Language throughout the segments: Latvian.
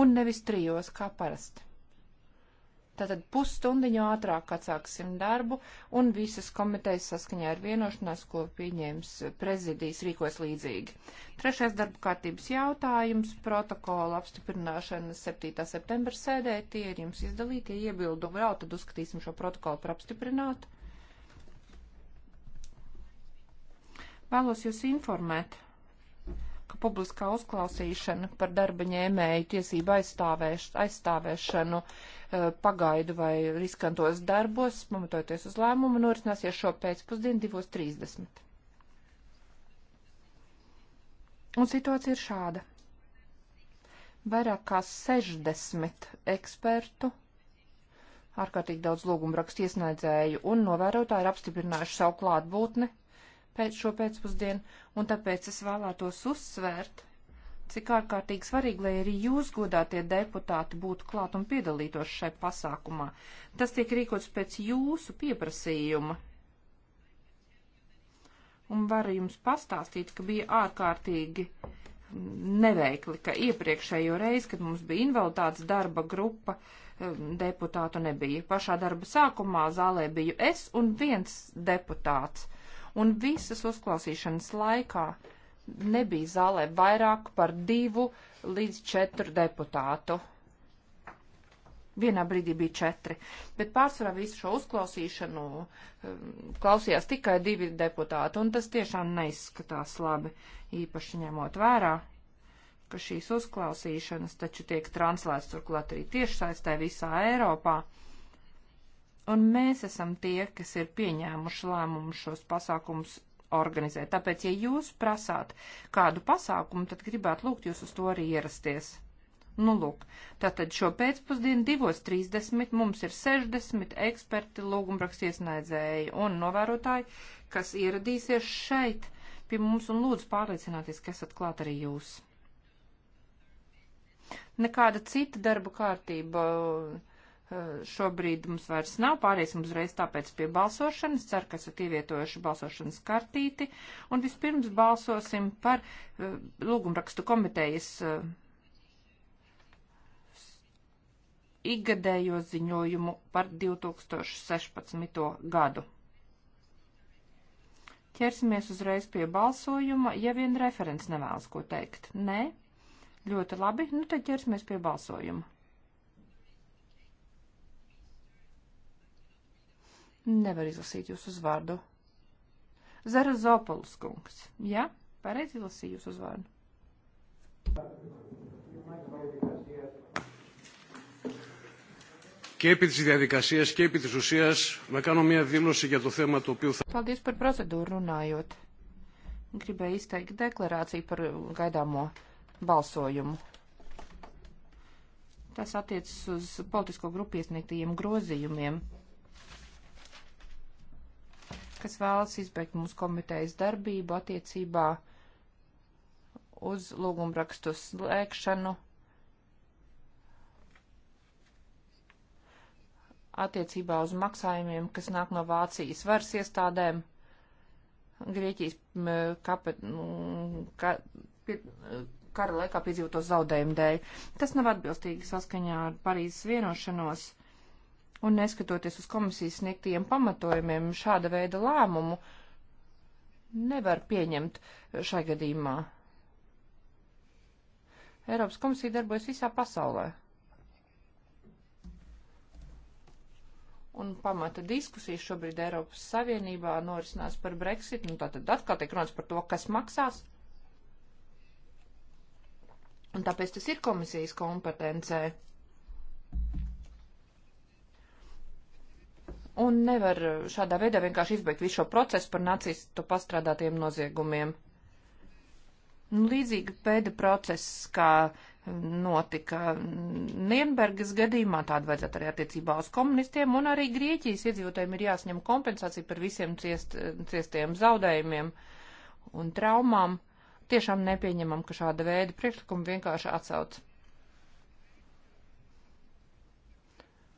un nevis trijos, kā parasti. Tātad pusstundiņu ātrāk atsāksim darbu, un visas komitejas saskaņā ar vienošanās, ko pieņēms prezidijas, rīkos līdzīgi. Trešais darba kārtības jautājums - protokola apstiprināšana 7. septembra sēdē. Tie ir jums izdalītie iebildumi. Vēl tad uzskatīsim šo protokolu par apstiprinātu. Vēlos jūs informēt ka publiskā uzklausīšana par darba ņēmēju tiesību aizstāvēš, aizstāvēšanu eh, pagaidu vai riskantos darbos, pamatojoties uz lēmumu, norisināsies šo pēcpusdienu 2.30. Un situācija ir šāda. Vairāk kā 60 ekspertu ārkārtīgi daudz lūgumu rakstu iesniedzēju un novērotāji ir apstiprinājuši savu klātbūtni pēc šo pēcpusdienu, un tāpēc es vēlētos uzsvērt, cik ārkārtīgi svarīgi, lai arī jūs godātie deputāti būtu klāt un piedalītos šai pasākumā. Tas tiek rīkots pēc jūsu pieprasījuma. Un varu jums pastāstīt, ka bija ārkārtīgi neveikli, ka iepriekšējo reizi, kad mums bija invaliditātes darba grupa, deputātu nebija. Pašā darba sākumā zālē biju es un viens deputāts un visas uzklausīšanas laikā nebija zālē vairāk par divu līdz četru deputātu. Vienā brīdī bija četri, bet pārsvarā visu šo uzklausīšanu um, klausījās tikai divi deputāti, un tas tiešām neizskatās labi, īpaši ņemot vērā, ka šīs uzklausīšanas taču tiek translēts turklāt arī tiešsaistē visā Eiropā. Uh, Un mēs esam tie, kas ir pieņēmuši lēmumu šos pasākumus organizēt. Tāpēc, ja jūs prasāt kādu pasākumu, tad gribētu lūgt jūs uz to arī ierasties. Nu, lūk, tātad šo pēcpusdienu 2.30 mums ir 60 eksperti, lūgumbraks iesniedzēji un novērotāji, kas ieradīsies šeit pie mums un lūdzu pārliecināties, ka esat klāt arī jūs. Nekāda cita darba kārtība. Uh, Eh, šobrīd mums vairs nav. Pāriesim uzreiz tāpēc pie balsošanas. Ceru, ka esat ievietojuši balsošanas kartīti. Un vispirms balsosim par eh, lūgumrakstu komitejas eh, ikgadējo ziņojumu par 2016. gadu. Ķersimies uzreiz pie balsojuma, ja vien referents nevēlas ko teikt. Nē? Ļoti labi, nu tad ķersimies pie balsojuma. Nevar izlasīt jūsu uzvārdu. Zarazopolus kungs. Jā, ja? pareizi izlasīju jūsu uzvārdu. Και επί της διαδικασίας και επί της ουσίας να κάνω μια δήλωση για το θέμα το οποίο θα... Paldies par procedūru runājot. Gribēju izteikt deklarāciju par gaidāmo balsojumu. Tas attiecas uz politisko grupu iesniegtajiem grozījumiem kas vēlas izbeigt mūsu komitejas darbību attiecībā uz lūgumrakstu slēgšanu attiecībā uz maksājumiem, kas nāk no Vācijas varas iestādēm, Grieķijas kape, ka, pie, kara laikā piedzīvoto zaudējumu dēļ. Tas nav atbilstīgi saskaņā ar Parīzes vienošanos Un neskatoties uz komisijas sniegtiem pamatojumiem, šāda veida lēmumu nevar pieņemt šai gadījumā. Eiropas komisija darbojas visā pasaulē. Un pamata diskusijas šobrīd Eiropas Savienībā norisinās par Brexit. Nu, tātad atkal tiek runāts par to, kas maksās. Un tāpēc tas ir komisijas kompetencē un nevar šādā veidā vienkārši izbeigt visu šo procesu par nacistu pastrādātiem noziegumiem. Nu, līdzīga pēda process, kā notika Nienbergas gadījumā, tāda vajadzētu arī attiecībā uz komunistiem, un arī Grieķijas iedzīvotājiem ir jāsņem kompensācija par visiem ciest, ciestajiem zaudējumiem un traumām. Tiešām nepieņemam, ka šāda veida priekšlikumi vienkārši atsauc.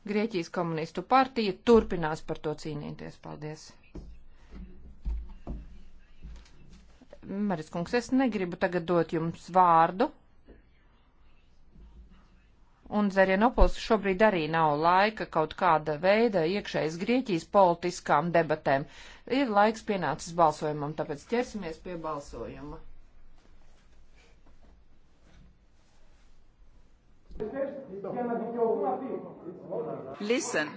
Grieķijas komunistu partija turpinās par to cīnīties. Paldies! Maris kungs, es negribu tagad dot jums vārdu. Un Zarienopols šobrīd arī nav laika kaut kāda veida iekšējas Grieķijas politiskām debatēm. Ir laiks pienācis balsojumam, tāpēc ķersimies pie balsojuma. Thank you. Listen.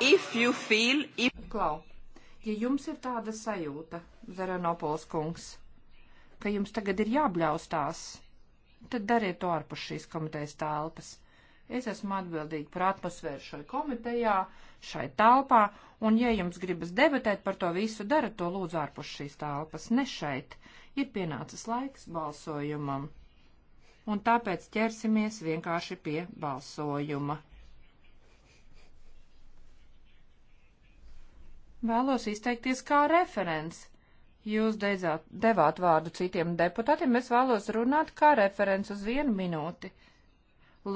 If you feel... If... Klau, ja jums ir tāda sajūta, Zeranopols kungs, ka jums tagad ir jābļaustās, tad dariet to ārpus šīs komitejas telpas. Es esmu atbildīga par atmosfēru šai komitejā, šai telpā, un, ja jums gribas debatēt par to visu, dara to lūdzu ārpus šīs telpas, ne šeit. Ir pienācis laiks balsojumam. Un tāpēc ķersimies vienkārši pie balsojuma. Vēlos izteikties kā referents. Jūs dezāt, devāt vārdu citiem deputātiem, es vēlos runāt kā referents uz vienu minūti.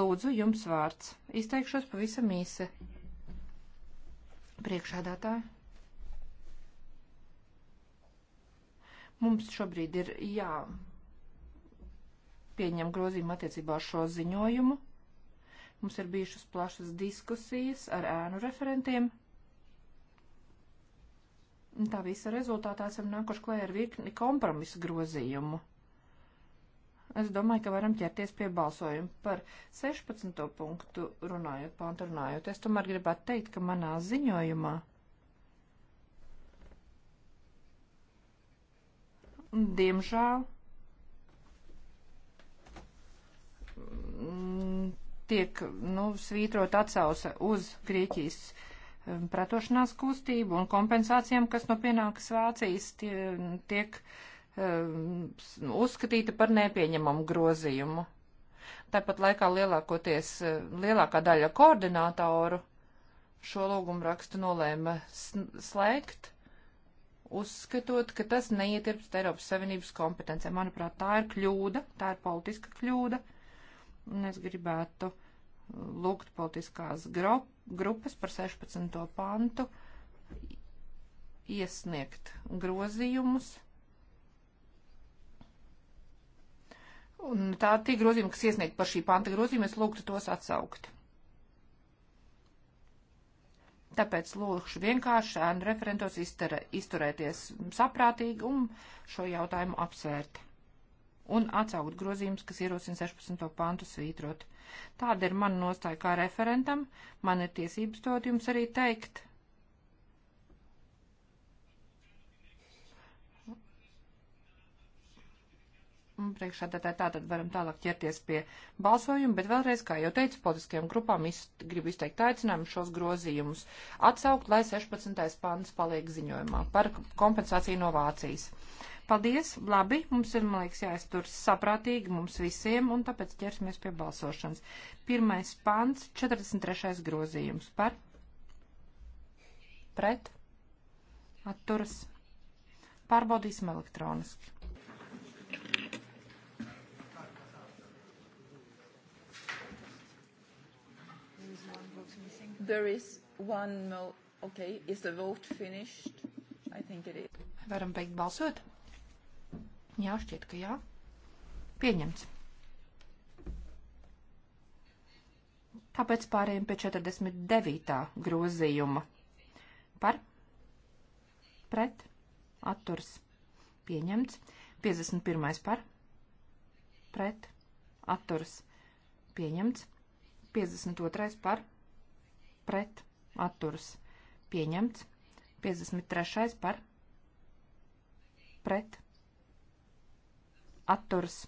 Lūdzu, jums vārds. Izteikšos pavisam īsi. Priekšādātāji. Mums šobrīd ir jā pieņem grozījumu attiecībā ar šo ziņojumu. Mums ir bijušas plašas diskusijas ar ēnu referentiem. Tā visa rezultātā esam nākuši klē ar virkni kompromisu grozījumu. Es domāju, ka varam ķerties pie balsojuma par 16. punktu runājot, pantu runājot. Es tomēr gribētu teikt, ka manā ziņojumā diemžēl tiek, nu, svītrot atsauce uz Grieķijas Um, pretošanās kustību un kompensācijām, kas no pienākas Vācijas tie, tiek um, uzskatīta par nepieņemamu grozījumu. Tāpat laikā lielākoties uh, lielākā daļa koordinātoru šo lūgumu rakstu nolēma slēgt, uzskatot, ka tas neietilpst Eiropas Savienības kompetencē. Manuprāt, tā ir kļūda, tā ir politiska kļūda, un es gribētu uh, lūgt politiskās grupas par 16. pantu iesniegt grozījumus. Un tā tie grozījumi, kas iesniegt par šī panta grozījumu, es lūgtu tos atsaukt. Tāpēc lūkšu vienkārši ēnu referentos iztara, izturēties saprātīgi un šo jautājumu apsvērt. Un atsaukt grozījumus, kas ierosina 16. pantu svītrot. Tāda ir mana nostāja kā referentam. Man ir tiesības to jums arī teikt. Priekšā tā, tā, tā tad varam tālāk ķerties pie balsojuma, bet vēlreiz, kā jau teicu, politiskajām grupām iz, gribu izteikt aicinājumu šos grozījumus atsaukt, lai 16. pāns paliek ziņojumā par kompensāciju no Vācijas. Uh, Paldies, labi, mums ir, man liekas, jāiztur saprātīgi mums visiem, un tāpēc ķersimies pie balsošanas. Pirmais pants, 43. grozījums par, pret, atturas, pārbaudīsim elektroniski. There is one more. Okay, is the vote finished? I think it is. Varam beigt balsot. Jā, šķiet, ka jā. Pieņemts. Tāpēc pārējiem pie 49. grozījuma. Par, pret, atturs, pieņemts. 51. par, pret, atturs, pieņemts. 52. par, pret, atturs, pieņemts. 53. par, pret, atturas.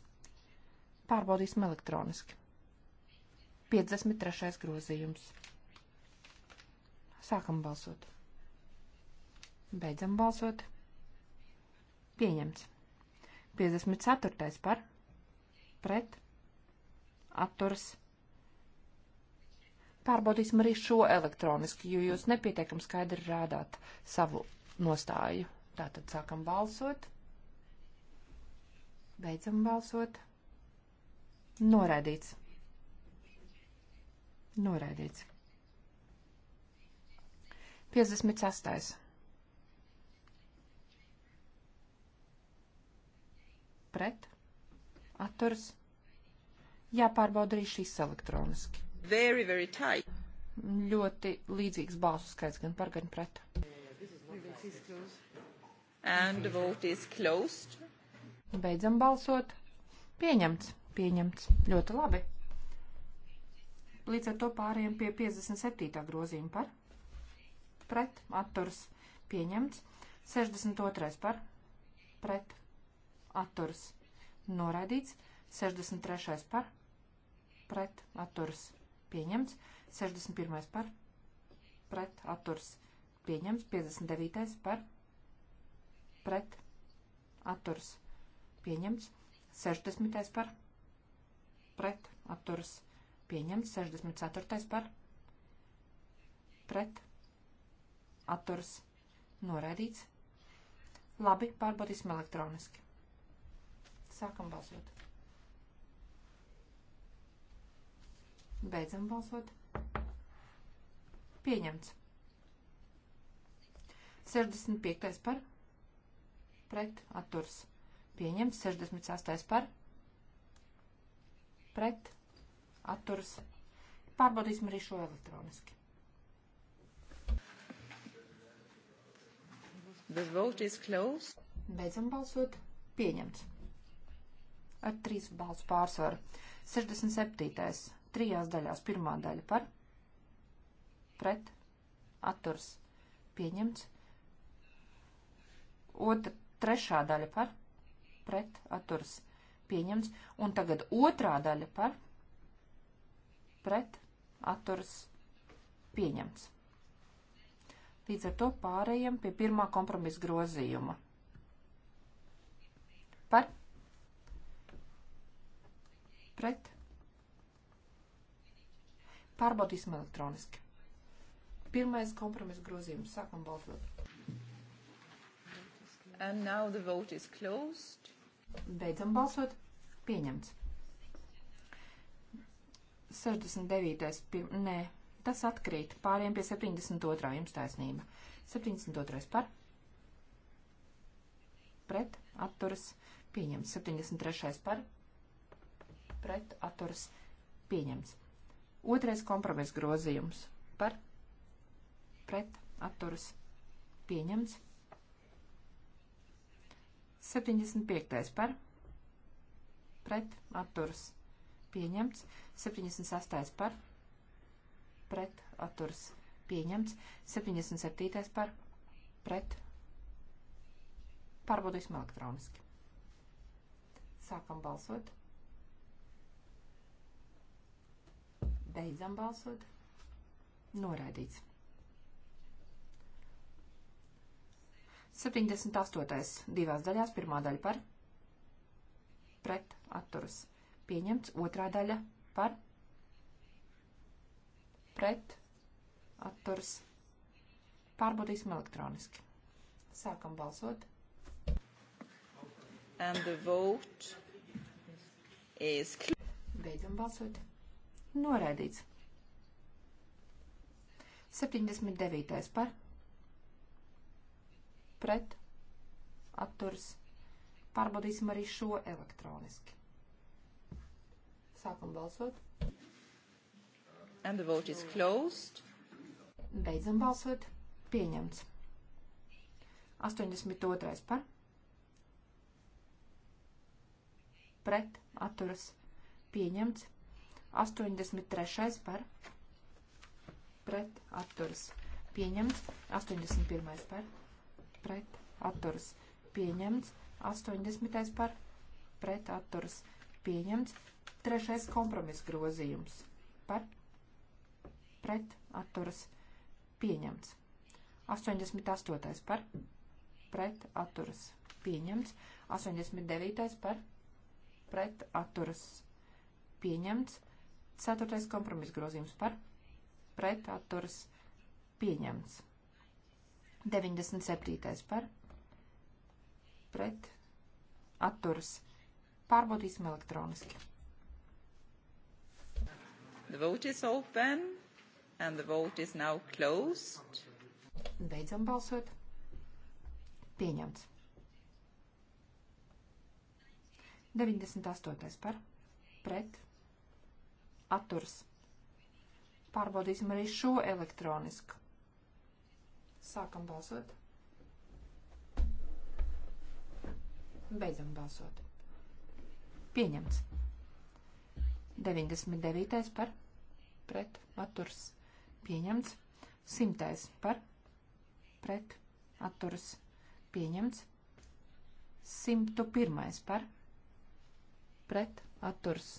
Pārbaudīsim elektroniski. 53. grozījums. Sākam balsot. Beidzam balsot. Pieņemts. 54. par. Pret. Atturas. Pārbaudīsim arī šo elektroniski, jo jūs nepietiekam skaidri rādāt savu nostāju. Tātad sākam balsot. Beidzam balsot. Noraidīts. Noraidīts. 56. Pret. Atturs. Jāpārbauda arī šis elektroniski. Very, very tight. Ļoti līdzīgs balsu skaits gan par, gan pret. And the vote is closed. Beidzam balsot. Pieņemts. Pieņemts. Ļoti labi. Līdz ar to pārējiem pie 57. grozījuma par. Pret. Atturs. Pieņemts. 62. par. Pret. Atturs. Noraidīts. 63. par. Pret. Atturs. Pieņemts. 61. par. Pret. Atturs. Pieņemts. 59. par. Pret. Atturs pieņemts. 60. par pret atturas pieņemts. 64. par pret atturas noraidīts. Labi, pārbaudīsim elektroniski. Sākam balsot. Beidzam balsot. Pieņemts. 65. par pret atturs pieņemts. 68. par pret atturas. Pārbaudīsim arī šo elektroniski. This vote is closed. Beidzam balsot. Pieņemts. Ar trīs balsu pārsvaru. 67. Trijās daļās. Pirmā daļa par. Pret. Atturs. Pieņemts. Otra. Trešā daļa par pret atturas pieņemts. Un tagad otrā daļa par pret atturas pieņemts. Līdz ar to pārējiem pie pirmā kompromisa grozījuma. Par pret pārbaudīsim elektroniski. Pirmais kompromisa grozījums. Sākam balsot. And now the vote is closed. Beidzam balsot. Pieņemts. 69. Pir... Nē, tas atkrīt. Pāriem pie 72. Jums taisnība. 72. par. Pret. Atturas. Pieņemts. 73. par. Pret. Atturas. Pieņemts. Otrais kompromiss grozījums. Par. Pret. Atturas. Pieņemts. 75. par pret atturas pieņemts. 78. par pret atturas pieņemts. 77. par pret pārbaudīsim elektroniski. Sākam balsot. Beidzam balsot. Noraidīts. 78. divās daļās, pirmā daļa par, pret, atturas, pieņemts, otrā daļa par, pret, atturas, pārbaudīsim elektroniski. Sākam balsot. And the vote is Beidzam balsot. Noraidīts. 79. par, pret atturs. Pārbaudīsim arī šo elektroniski. Sākam balsot. And the vote is closed. Beidzam balsot. Pieņemts. 82. par. Pret atturas. Pieņemts. 83. par. Pret atturas. Pieņemts. 81. par pret atturas pieņemts, 80. par pret atturas pieņemts, 3. kompromis grozījums par pret atturas pieņemts, 88. par pret atturas pieņemts, 89. par pret atturas pieņemts, 4. kompromis grozījums par pret atturas pieņemts. 97. par pret atturas. Pārbaudīsim elektroniski. The vote is open and the vote is now closed. Beidzam balsot. Pieņemts. 98. par pret atturs. Pārbaudīsim arī šo elektronisku. Sākam balsot. Beidzam balsot. Pieņemts. 99. par pret atturs pieņemts. 100. par pret atturs pieņemts. 101. par pret atturs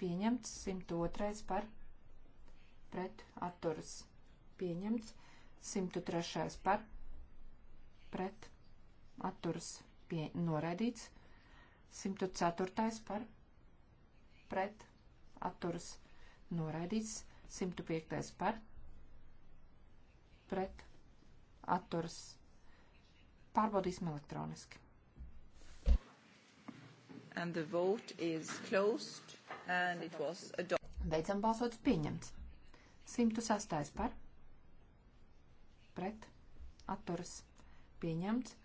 pieņemts. 102. par pret atturs pieņemts. 103. par pret atturas pie noraidīts. 104. par pret atturas noraidīts. 105. par pret atturas. Pārbaudīsim elektroniski. And the vote is closed and it was adopted. Beidzam balsot pieņemts. 106. par pret pret atturas pieņemts.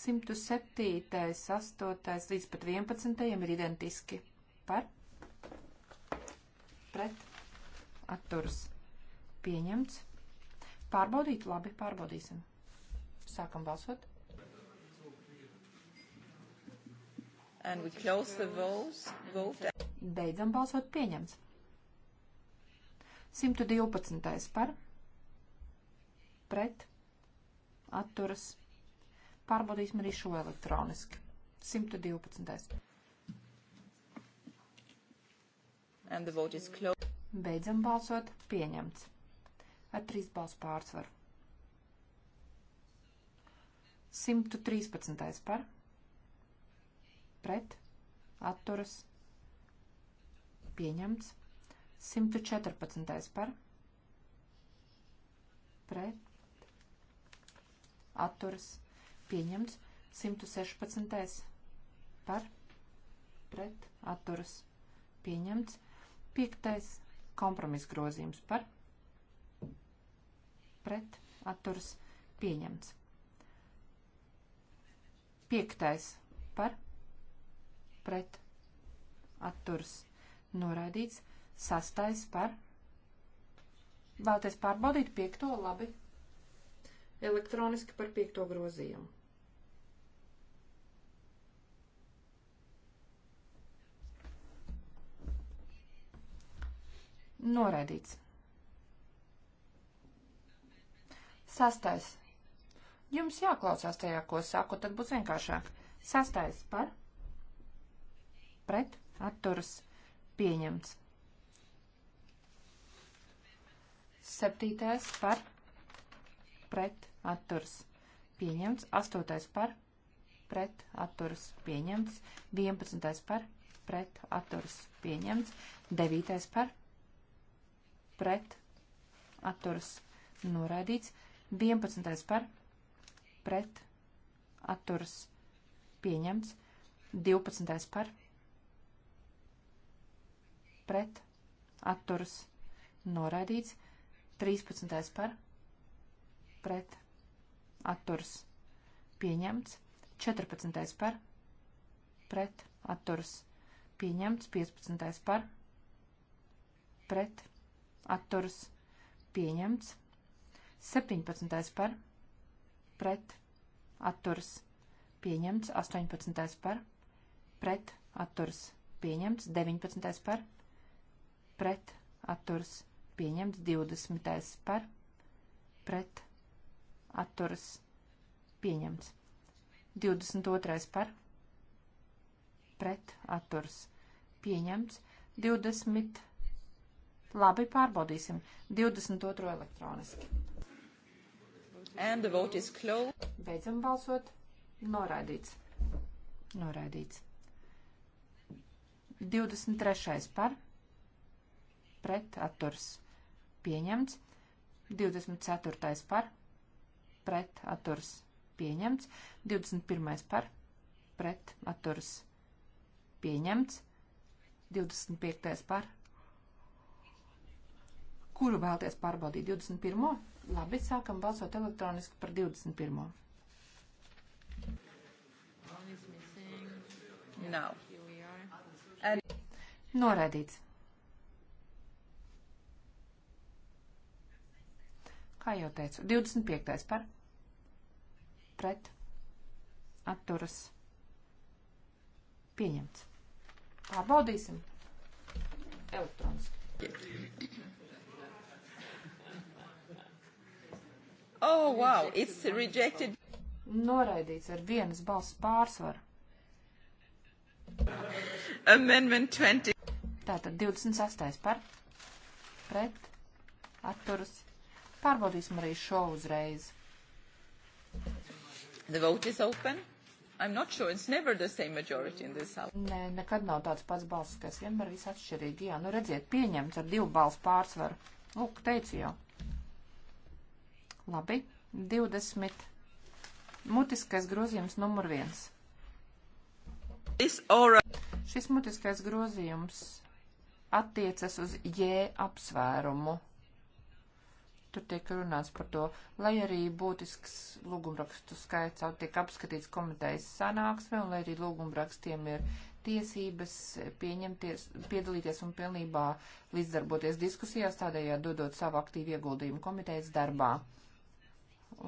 107, 8 līdz pat 11 ir identiski par pret atturas pieņemts. Pārbaudīt, labi, pārbaudīsim. Sākam balsot. And we close the votes. Vote. Beidzam balsot pieņemts. 112. par pret pret, atturas. Pārbaudīsim arī šo elektroniski. 112. And the vote is closed. Beidzam balsot. Pieņemts. Ar trīs balsu pārsvaru. 113. par. Pret. Atturas. Pieņemts. 114. par. Pret atturas pieņemts 116. par pret atturas pieņemts 5. kompromis grozījums par pret atturas pieņemts 5. par pret atturas noraidīts 6. par Vēlaties pārbaudīt piekto labi? elektroniski par piekto grozījumu. Noraidīts. Sastais. Jums jāklausās tajā, ko saku, tad būs vienkāršāk. Sastais par pret atturas pieņemts. Septītais par pret atturas pieņemts, 8. par pret atturas pieņemts, 11. par pret atturas pieņemts, 9. par pret atturas noraidīts, 11. par pret atturas pieņemts, 12. par pret atturas noraidīts, 13. par pret atturas atturs pieņemts, 14. par, pret, atturs pieņemts, 15. par, pret, atturs pieņemts, 17. par, pret, atturs pieņemts, 18. par, pret, atturs pieņemts, 19. par, pret, atturs pieņemts, 20. par, pret, atturs pieņemts, pret, atturas pieņemts. 22. par pret atturas pieņemts. 20. Labi, pārbaudīsim. 22. elektroniski. And the vote is closed. Beidzam balsot. Noraidīts. Noraidīts. 23. par pret atturs pieņemts. 24. par pret atturs pieņemts, 21. par pret atturs pieņemts, 25. par kuru vēlties pārbaudīt 21. Labi, sākam balsot elektroniski par 21. Nav. No. Noraidīts. Kā jau teicu, 25. par pret atturas pieņemts. Pārbaudīsim elektroniski. Oh, wow, it's rejected. Noraidīts ar vienas balss pārsvaru. Amendment 20. Tātad 26. par pret atturas. Pārbaudīsim arī šo uzreiz. The vote is open. I'm not sure. It's never the same majority in this house. Nē, nekad nav tāds pats balss, kas vienmēr viss atšķirīgi. Jā, nu redziet, pieņemts ar divu balsu pārsvaru. Lūk, teicu jau. Labi, 20. Mutiskais grozījums numur viens. Šis mutiskais grozījums attiecas uz J apsvērumu. Tur tiek runāts par to, lai arī būtisks lūgumrakstu skaits tiek apskatīts komitejas sanāksme un lai arī lūgumrakstiem ir tiesības pieņemties, piedalīties un pilnībā līdzdarboties diskusijās, tādējādi dodot savu aktīvu ieguldījumu komitejas darbā.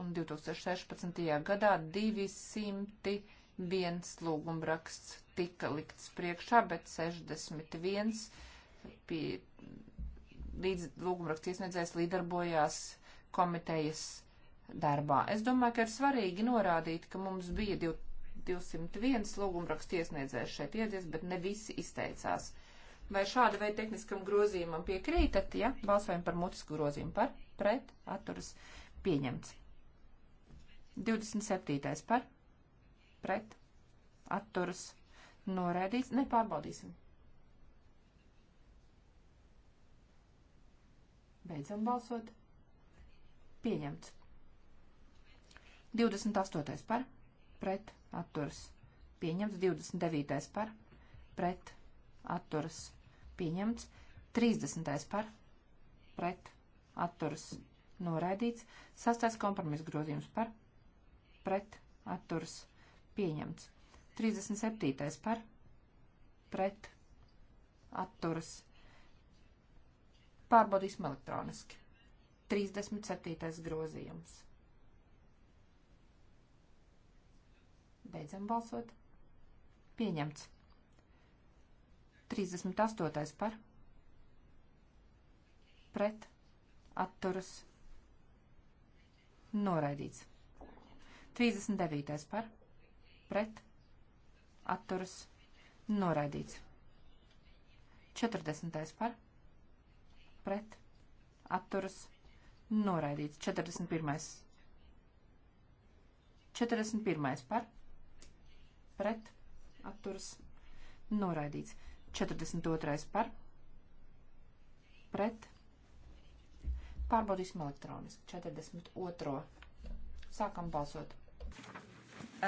Un 2016. gadā 201 lūgumraksts tika likts priekšā, bet 61 pie līdz lūgumraksta iesniedzējs līdarbojās komitejas darbā. Es domāju, ka ir svarīgi norādīt, ka mums bija 201 lūgumraksta iesniedzējs šeit iedies, bet ne visi izteicās. Vai šāda veida tehniskam grozījumam piekrītat, ja balsojam par mutisku grozījumu par, pret, atturas pieņemts. 27. par, pret, atturas noraidīts, nepārbaudīsim. Beidzam balsot. Pieņemts. 28. par, pret, atturas. Pieņemts. 29. par, pret, atturas. Pieņemts. 30. par, pret, atturas. Noraidīts. 6. kompromiss grozījums par, pret, atturas. Pieņemts. 37. par, pret, atturas Pārbaudīsim elektroniski. 37. grozījums. Beidzam balsot. Pieņemts. 38. par. Pret. Atturas. Noraidīts. 39. par. Pret. Atturas. Noraidīts. 40. par pret atturas noraidīts. 41. 41. par pret atturas noraidīts. 42. par pret pārbaudīsim elektroniski. 42. Sākam balsot.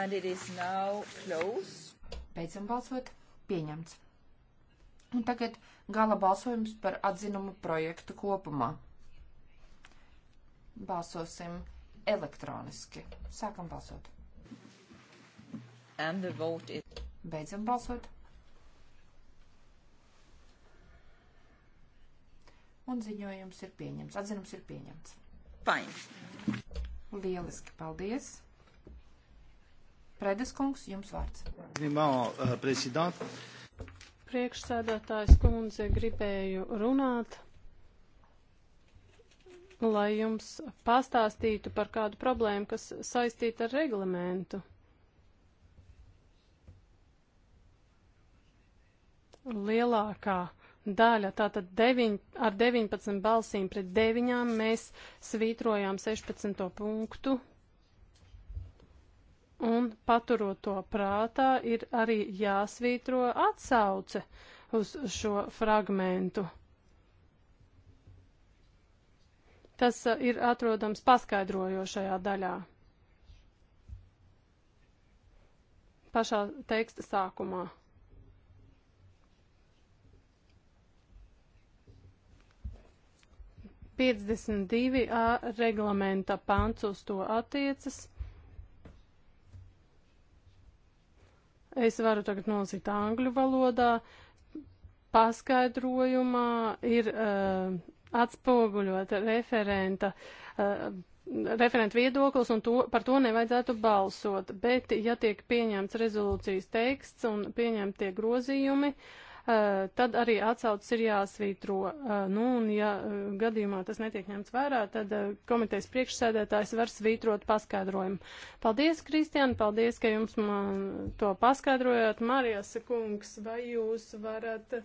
And it is now close. Beidzam balsot. Pieņemts. Un tagad gala balsojums par atzinumu projektu kopumā. Balsosim elektroniski. Sākam balsot. Is... Beidzam balsot. Un ziņojums ir pieņemts. Atzinums ir pieņemts. Fine. Lieliski, paldies. Predes kungs, jums vārds. Nimā, uh, prezident. Uh, priekšsēdētājs kundze, gribēju runāt, lai jums pastāstītu par kādu problēmu, kas saistīta ar reglamentu. Lielākā daļa, tātad deviņ, ar 19 balsīm pret 9 mēs svītrojām 16. punktu un paturot to prātā ir arī jāsvītro atsauce uz šo fragmentu. Tas uh, ir atrodams paskaidrojošajā daļā. Pašā teksta sākumā. Piecdesmit divi A reglamenta pants uz to attiecas. Es varu tagad nolasīt angļu valodā. Paskaidrojumā ir uh, eh, atspoguļota referenta. Uh, referenta viedoklis un to, par to nevajadzētu balsot, bet ja tiek pieņemts rezolūcijas teksts un pieņemtie grozījumi, uh, Eh, tad arī atsaucas ir jāsvītro. Eh, nu, un ja eh, gadījumā tas netiek ņemts vērā, tad komitejas priekšsēdētājs var svītrot paskaidrojumu. Paldies, Kristian, paldies, ka jums man to paskaidrojāt. Marijas kungs, vai jūs varat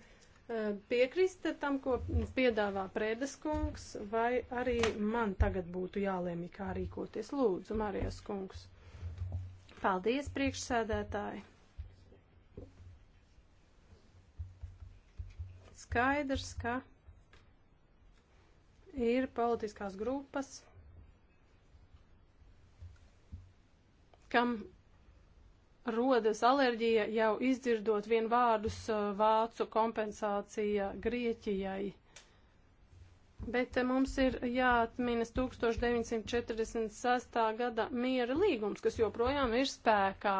piekrist tam, ko piedāvā Prēdes kungs, vai arī man tagad būtu jālēmī, kā rīkoties? Lūdzu, Marijas kungs. Paldies, priekšsēdētāji! skaidrs, ka ir politiskās grupas, kam rodas alerģija jau izdzirdot vien vārdus vācu kompensācija Grieķijai. Bet mums ir jāatminas 1946. gada miera līgums, kas joprojām ir spēkā.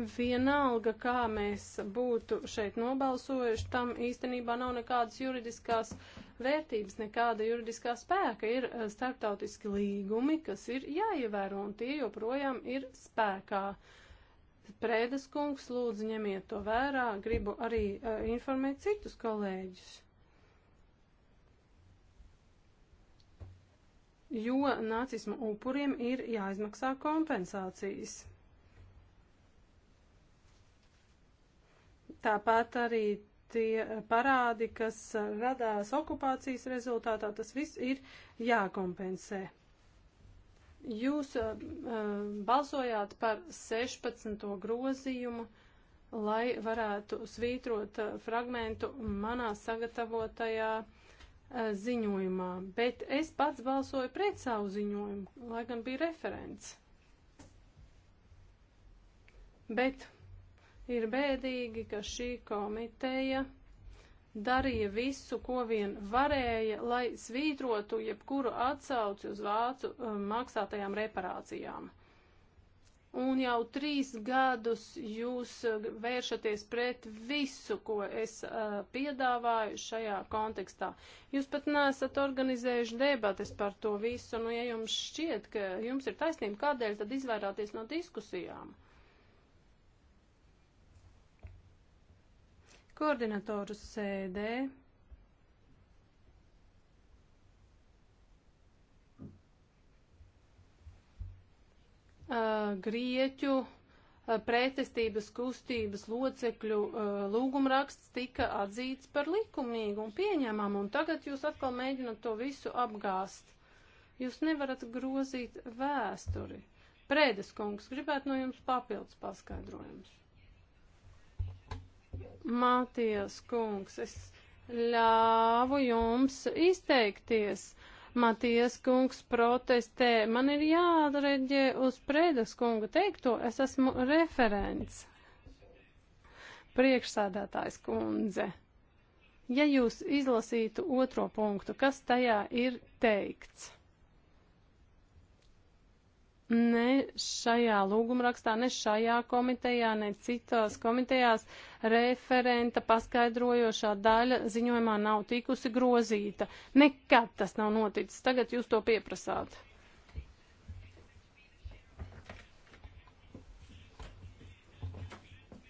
Vienalga, kā mēs būtu šeit nobalsojuši, tam īstenībā nav nekādas juridiskās vērtības, nekāda juridiskā spēka. Ir eh, starptautiski līgumi, kas ir jāievēro, un tie joprojām ir spēkā. Prēdas kungs, lūdzu, ņemiet to vērā. Gribu arī uh, informēt citus kolēģus. jo nacisma upuriem ir jāizmaksā kompensācijas. Tāpat arī tie parādi, kas radās okupācijas rezultātā, tas viss ir jākompensē. Jūs uh, uh balsojāt par 16. grozījumu, lai varētu svītrot uh, fragmentu manā sagatavotajā uh, ziņojumā, bet es pats balsoju pret savu ziņojumu, lai gan bija referents. Bet Ir bēdīgi, ka šī komiteja darīja visu, ko vien varēja, lai svītrotu jebkuru atsauci uz vācu um, maksātajām reparācijām. Un jau trīs gadus jūs uh, vēršaties pret visu, ko es uh, piedāvāju šajā kontekstā. Jūs pat nesat organizējuši debates par to visu, nu ja jums šķiet, ka jums ir taisnība, kādēļ tad izvairāties no diskusijām? Koordinatoru sēdē uh, grieķu uh, pretestības kustības locekļu uh, lūgumraksts tika atzīts par likumīgu un pieņemamu, un tagad jūs atkal mēģināt to visu apgāst. Jūs nevarat grozīt vēsturi. Prēdes kungs gribētu no jums papildus paskaidrojumus. Matijas kungs, es ļāvu jums izteikties. Matijas kungs protestē. Man ir jāreģē uz Prēdas kunga teikto, es esmu referents. Priekšsādātājs kundze. Ja jūs izlasītu otro punktu, kas tajā ir teikts? ne šajā lūgumrakstā, ne šajā komitejā, ne citās komitejās referenta paskaidrojošā daļa ziņojumā nav tikusi grozīta. Nekad tas nav noticis. Tagad jūs to pieprasāt.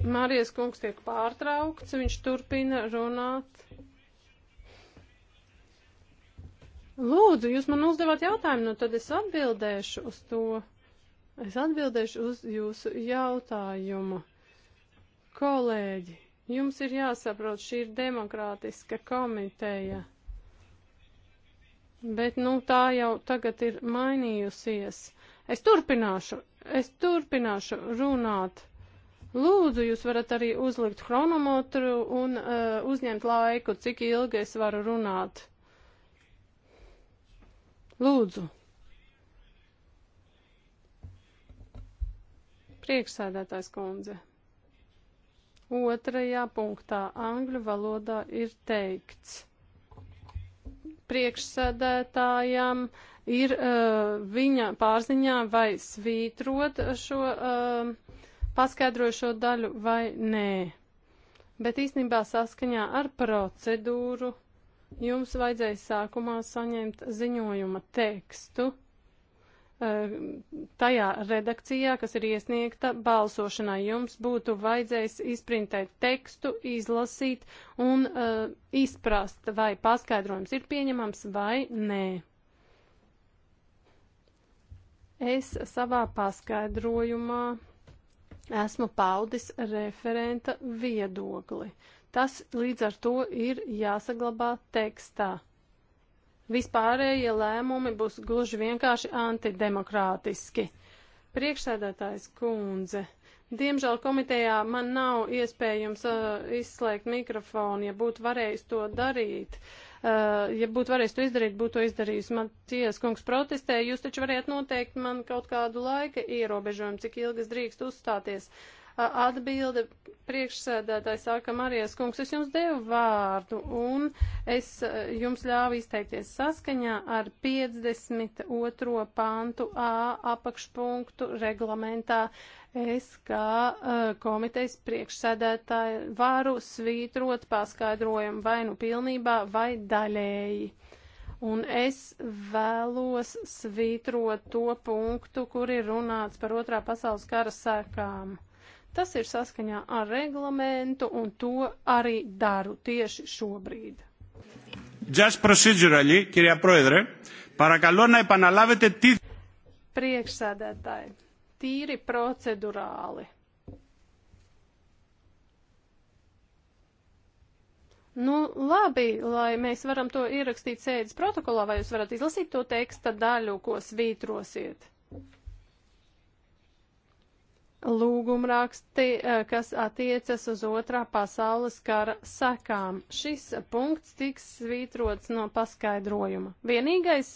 Mārijas kungs tiek pārtraukts, viņš turpina runāt. Lūdzu, jūs man uzdevāt jautājumu, nu tad es atbildēšu uz to. Es atbildēšu uz jūsu jautājumu. Kolēģi, jums ir jāsaprot, šī ir demokrātiska komiteja. Bet, nu, tā jau tagad ir mainījusies. Es turpināšu, es turpināšu runāt. Lūdzu, jūs varat arī uzlikt chronometru un uh, uzņemt laiku, cik ilgi es varu runāt. Lūdzu. Priekšsēdētājs kundze. Otrajā punktā angļu valodā ir teikts. Priekšsēdētājam ir uh, viņa pārziņā vai svītrot šo uh, paskaidrošo daļu vai nē. Bet īstenībā saskaņā ar procedūru jums vajadzēja sākumā saņemt ziņojuma tekstu tajā redakcijā, kas ir iesniegta balsošanai. Jums būtu vajadzējis izprintēt tekstu, izlasīt un uh, izprast, vai paskaidrojums ir pieņemams vai nē. Es savā paskaidrojumā esmu paudis referenta viedokli. Tas līdz ar to ir jāsaglabā tekstā vispārējie lēmumi būs gluži vienkārši antidemokrātiski. Priekšsēdētājs kundze, diemžēl komitejā man nav iespējams uh, izslēgt mikrofonu, ja būtu varējis to darīt. Uh, ja būtu varējis to izdarīt, būtu to izdarījis. Man ties, kungs protestē, jūs taču varētu noteikt man kaut kādu laika ierobežojumu, cik ilgas drīkst uzstāties. Uh, atbilde priekšsēdētājs sāka Marijas kungs, es jums devu vārdu un es e, jums ļāvu izteikties saskaņā ar 52. pantu A apakšpunktu reglamentā. Es kā uh, komitejas priekšsēdētāji varu svītrot paskaidrojumu vai nu pilnībā vai daļēji. Un es vēlos svītrot to punktu, kur ir runāts par otrā pasaules kara sēkām. Uh, Tas ir saskaņā ar reglamentu, un to arī daru tieši šobrīd. Just procedurally, kirjā proedre, parakalo na epanalāvete tī... Priekšsēdētāji, tīri procedurāli. Nu, labi, lai mēs varam to ierakstīt sēdes protokolā, vai jūs varat izlasīt to teksta daļu, ko svītrosiet? lūgumraksti, eh, kas attiecas uz otrā pasaules kara sekām. Šis punkts tiks svītrots no paskaidrojuma. Vienīgais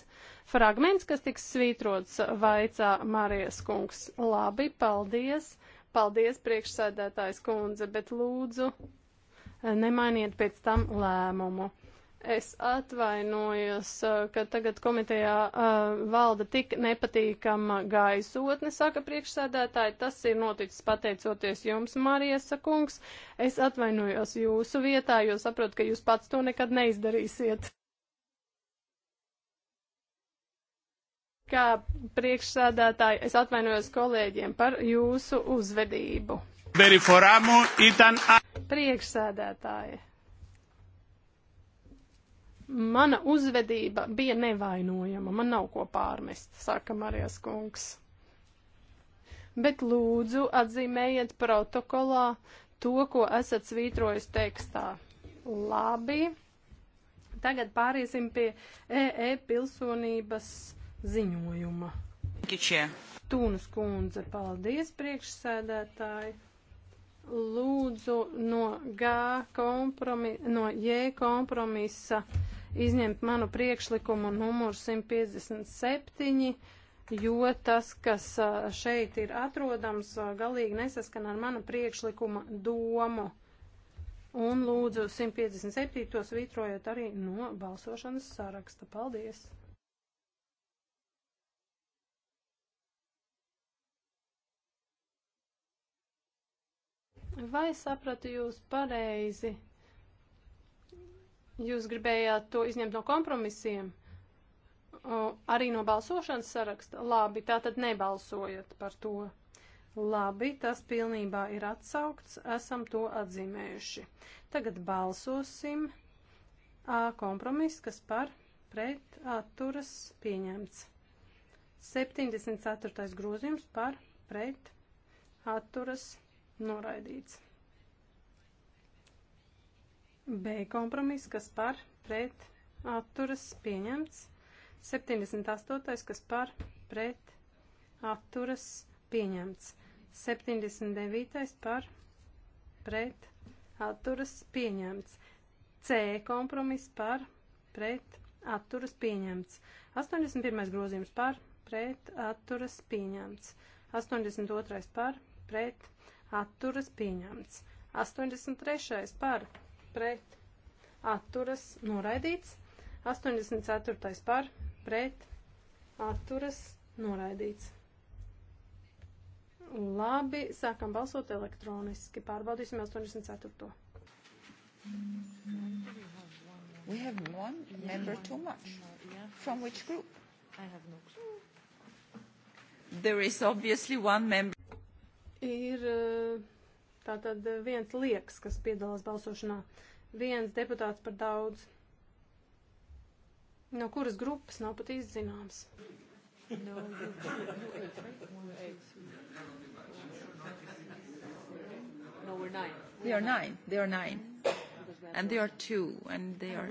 fragments, kas tiks svītrots, vaicā Marijas kungs. Labi, paldies, paldies priekšsēdētājs kundze, bet lūdzu eh, nemainiet pēc tam lēmumu. Es atvainojos, ka tagad komitejā uh, valda tik nepatīkama gaisotne, saka priekšsēdētāji. Tas ir noticis pateicoties jums, Marijas kungs. Es atvainojos jūsu vietā, jo saprotu, ka jūs pats to nekad neizdarīsiet. Kā priekšsēdētāji, es atvainojos kolēģiem par jūsu uzvedību. Priekšsēdētāji. Mana uzvedība bija nevainojama, man nav ko pārmest, saka Marijas kungs. Bet lūdzu atzīmējiet protokolā to, ko esat svītrojis tekstā. Labi. Tagad pāriesim pie EE e pilsonības ziņojuma. Kičie. Tūnas kundze, paldies priekšsēdētāji. Lūdzu no G kompromisa, no J kompromisa izņemt manu priekšlikumu numuru 157, jo tas, kas šeit ir atrodams, galīgi nesaskan ar manu priekšlikuma domu. Un lūdzu 157. to svītrojot arī no balsošanas saraksta. Paldies! Vai sapratu jūs pareizi? Jūs gribējāt to izņemt no kompromisiem? Arī no balsošanas saraksta? Labi, tā tad nebalsojat par to. Labi, tas pilnībā ir atsaukts, esam to atzīmējuši. Tagad balsosim A kompromiss, kas par pret atturas pieņemts. 74. grozījums par pret atturas noraidīts. B kompromiss, kas par pret atturas pieņemts. 78. kas par pret atturas pieņemts. 79. par pret atturas pieņemts. C kompromiss par pret atturas pieņemts. 81. grozījums par pret atturas pieņemts. 82. par pret atturas pieņemts. 83. par pret pret atturas noraidīts. 84. par pret atturas noraidīts. Labi, sākam balsot elektroniski. Pārbaudīsim 84. We have one member too much. From which group? I have no clue. There is obviously one member. Ir uh, Tātad eh, viens liekas, kas piedalās balsošanā. Viens deputāts par daudz. No kuras grupas nav pat izzināms. No, no, we're nine. They are nine. They are nine. And they are two. And they are.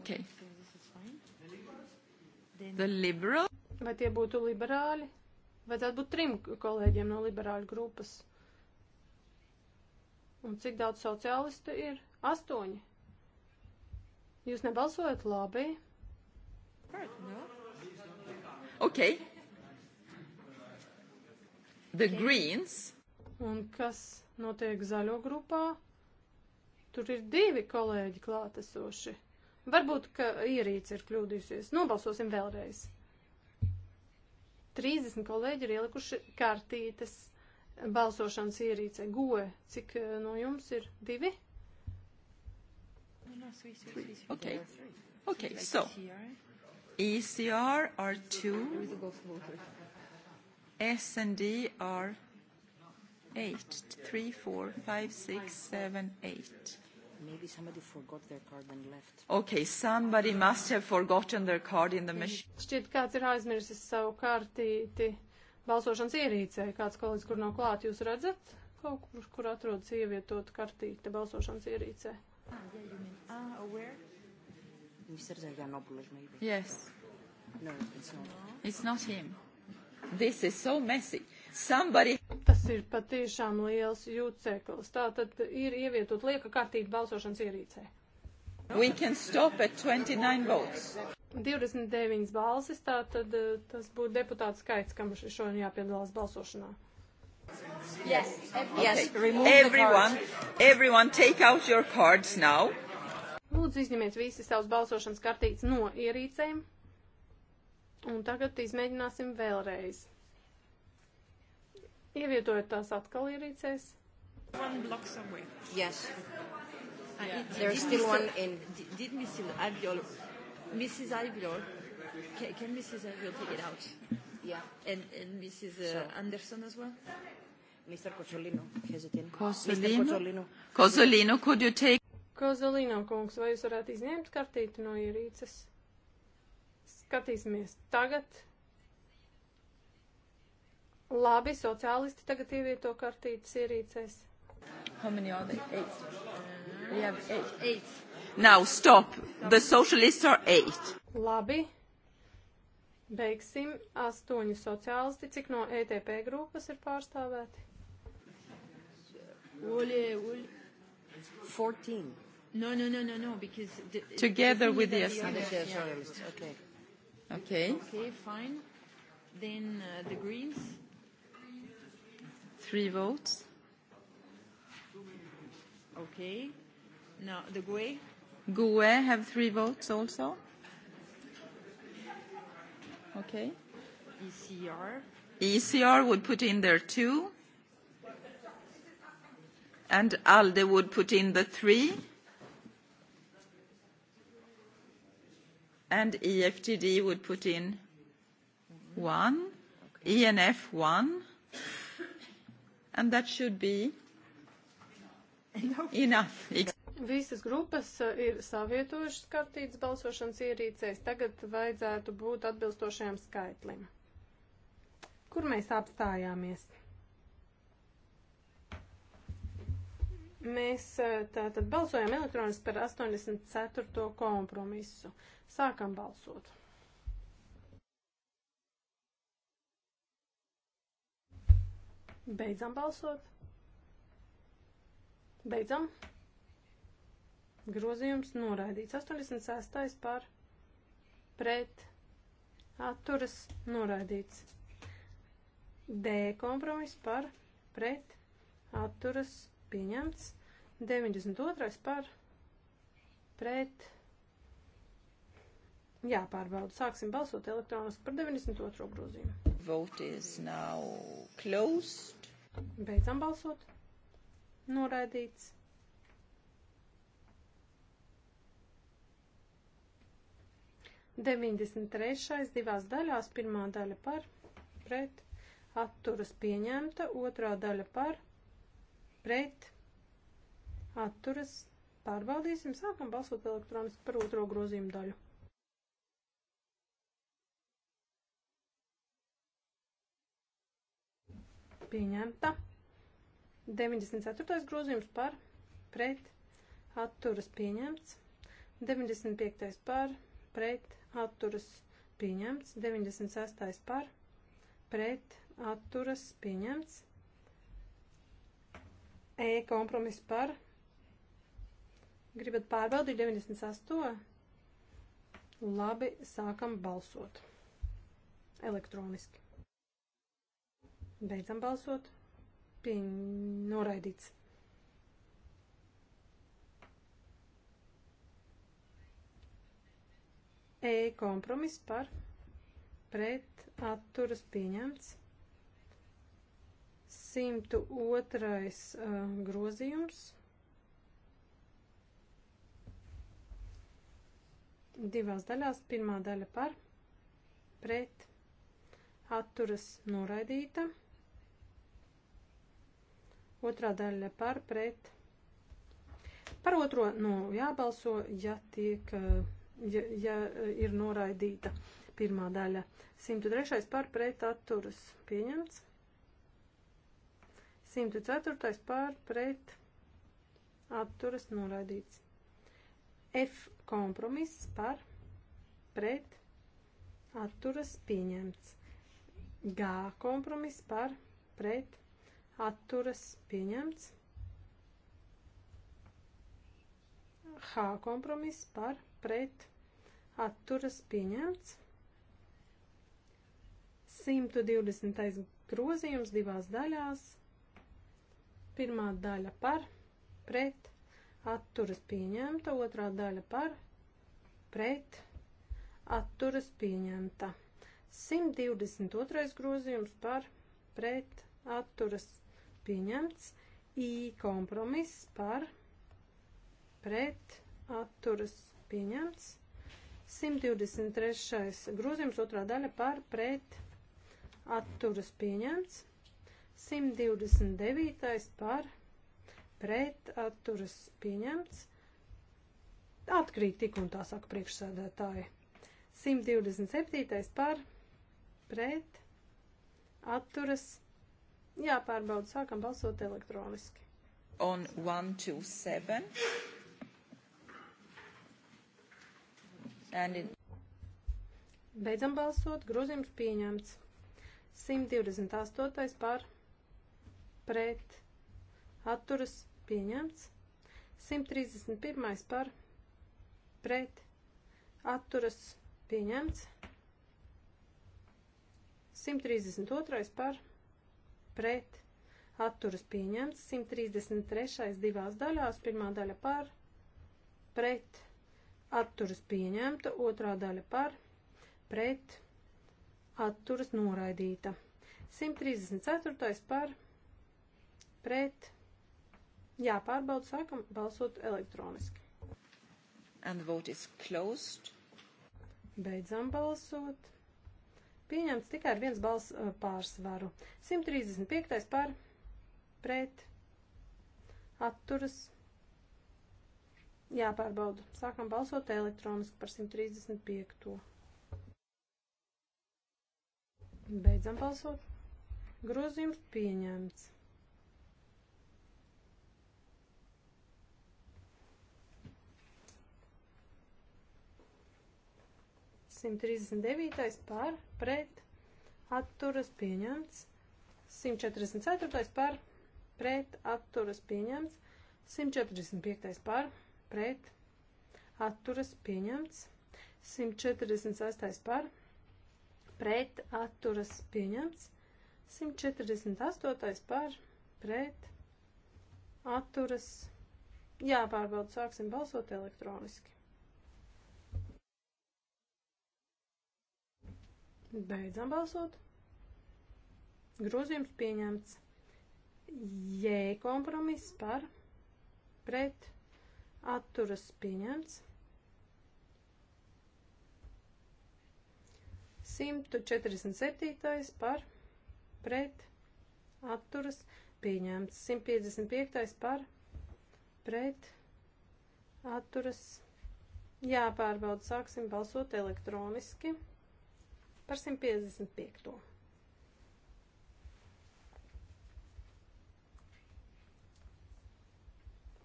Okay. The liberal. Vai tie būtu liberāļi? Vajadzētu būt trim kolēģiem no liberāļu grupas. Un cik daudz sociālistu ir? Astoņi. Jūs nebalsojat labi? Ok. The Greens. Un kas notiek zaļo grupā? Tur ir divi kolēģi klātesoši. Varbūt, ka ierīce ir kļūdījusies. Nobalsosim vēlreiz. 30 kolēģi ir ielikuši kartītes balsošanas ierīce. Goe, cik eh, no jums ir divi? Okay. Okay, so ECR e are two, S&D are eight, three, four, five, six, seven, eight. Maybe somebody forgot their card and left. Okay, somebody must have forgotten their card in the machine. Šķiet, kāds ir aizmirsis savu kartīti balsošanas ierīcē. Kāds kolēģis, kur nav klāt, jūs redzat kaut kur, kur atrodas ievietot kartīte balsošanas ierīcē? Ah, Mr. Ah, Zarianopoulos, maybe. Yes. No, it's not. It's not him. This is so messy. Somebody... Tas ir patiešām liels jūtceklis. Tā tad ir ievietot lieka kārtība balsošanas ierīcē. We can stop at 29 votes. 29 balsis, tā tad eh, tas būtu deputāts skaits, kam šodien jāpiedalās balsošanā. Yes, everyone. yes, remove everyone, everyone take out your cards now. Lūdzu, izņemiet visi savus balsošanas kartītes no ierīcēm. Un tagad izmēģināsim vēlreiz. Ievietojiet tās atkal ierīcēs. One block somewhere. Yes. Uh, yeah. There's still one in. Did, did we still have your Mrs. Albiol, can, can Mrs. Albiol take it out? Yeah. And, and Mrs. Uh, so, Anderson as well? Mr. Cozzolino, hesitant. Cozzolino? Mr. Cozzolino. Cozzolino, could you take... Kozolīno kungs, vai jūs varētu izņemt kartīti no ierīces? Skatīsimies tagad. Labi, sociālisti tagad ievieto kartītes ierīcēs. How many are they? Eight. Uh, We have eight. Eight. Now stop. The socialists are eight. Labi. Beigsim astoņi sociālisti, cik no ETP grupas ir pārstāvēti. Oļie, oļie. 14. No, no, no, no, no, because... The, Together with the Assemblies. Yeah, yeah. Okay. Okay. Okay, fine. Then uh, the Greens. Three votes. Okay. Now the GUE. GUE have three votes also. Okay. ECR. ECR would put in their two. And ALDE would put in the three. And EFTD would put in one. Okay. ENF one. And that should be enough. enough. Visas grupas uh, ir savietojušas kartītes balsošanas ierīcēs. Tagad vajadzētu būt atbilstošajam skaitlim. Kur mēs apstājāmies? Mēs uh, tātad balsojam elektroniski par 84. kompromisu. Sākam balsot. Beidzam balsot. Beidzam grozījums noraidīts. 86. par pret atturas noraidīts. D kompromiss par pret atturas pieņemts. 92. par pret jāpārbauda. Sāksim balsot elektroniski par 92. grozījumu. Vote is now closed. Beidzam balsot. Noraidīts. 93. divās daļās, pirmā daļa par, pret, atturas pieņemta, otrā daļa par, pret, atturas pārbaudīsim, sākam balsot elektroniski par otro grozījumu daļu. Pieņemta. 94. grozījums par, pret, atturas pieņemts. 95. par, pret pret atturas pieņemts, 96. par pret atturas pieņemts, E kompromiss par gribat pārbaudīt 98. Labi, sākam balsot elektroniski. Beidzam balsot. Pieņ... Noraidīts. E kompromiss par pret atturas pieņemts. 102. grozījums. Divās daļās. Pirmā daļa par pret atturas noraidīta. Otrā daļa par pret. Par otro, nu, jābalso, ja tiek uh, ja, ja eh, ir noraidīta pirmā daļa. 103. par pret atturas pieņemts. 104. par pret atturas noraidīts. F kompromiss par pret atturas pieņemts. G kompromiss par pret atturas pieņemts. H kompromiss par pret pret atturas pieņemts. 120. grozījums divās daļās. Pirmā daļa par, pret, atturas pieņemta, otrā daļa par, pret, atturas pieņemta. 122. grozījums par, pret, atturas pieņemts. I kompromiss par, pret, atturas pieņemta pieņemts. 123. grozījums otrā daļa par pret atturas pieņemts. 129. par pret atturas pieņemts. Atkrīt tik un tā saka priekšsēdētāji. 127. par pret atturas jāpārbauda. Sākam balsot elektroniski. On 127. And in... Beidzam balsot, grozījums pieņemts. 128. par pret atturas pieņemts. 131. par pret atturas pieņemts. 132. par pret atturas pieņemts. 133. divās daļās. Pirmā daļa par pret atturas pieņemta, otrā daļa par, pret, atturas noraidīta. 134. par, pret, jāpārbauda, sākam balsot elektroniski. And the vote is closed. Beidzam balsot. Pieņemts tikai ar viens balss pārsvaru. 135. par, pret, atturas noraidīta Jāpārbauda. Sākam balsot elektroniski par 135. To. Beidzam balsot. Grozījums pieņemts. Simt trīsdesmit devītais par, pret, atturas pieņemts. Simt četrdesmit ceturtais par, pret, atturas pieņemts. Simt četrdesmit piektais par, pret pret atturas pieņemts. 146. par pret atturas pieņemts. 148. par pret atturas jāpārbauda. Sāksim balsot elektroniski. Beidzam balsot. Grozījums pieņemts. Jē kompromiss par pret atturas pieņemts. 147. par pret atturas pieņemts. 155. par pret atturas jāpārbauda. Sāksim balsot elektroniski par 155.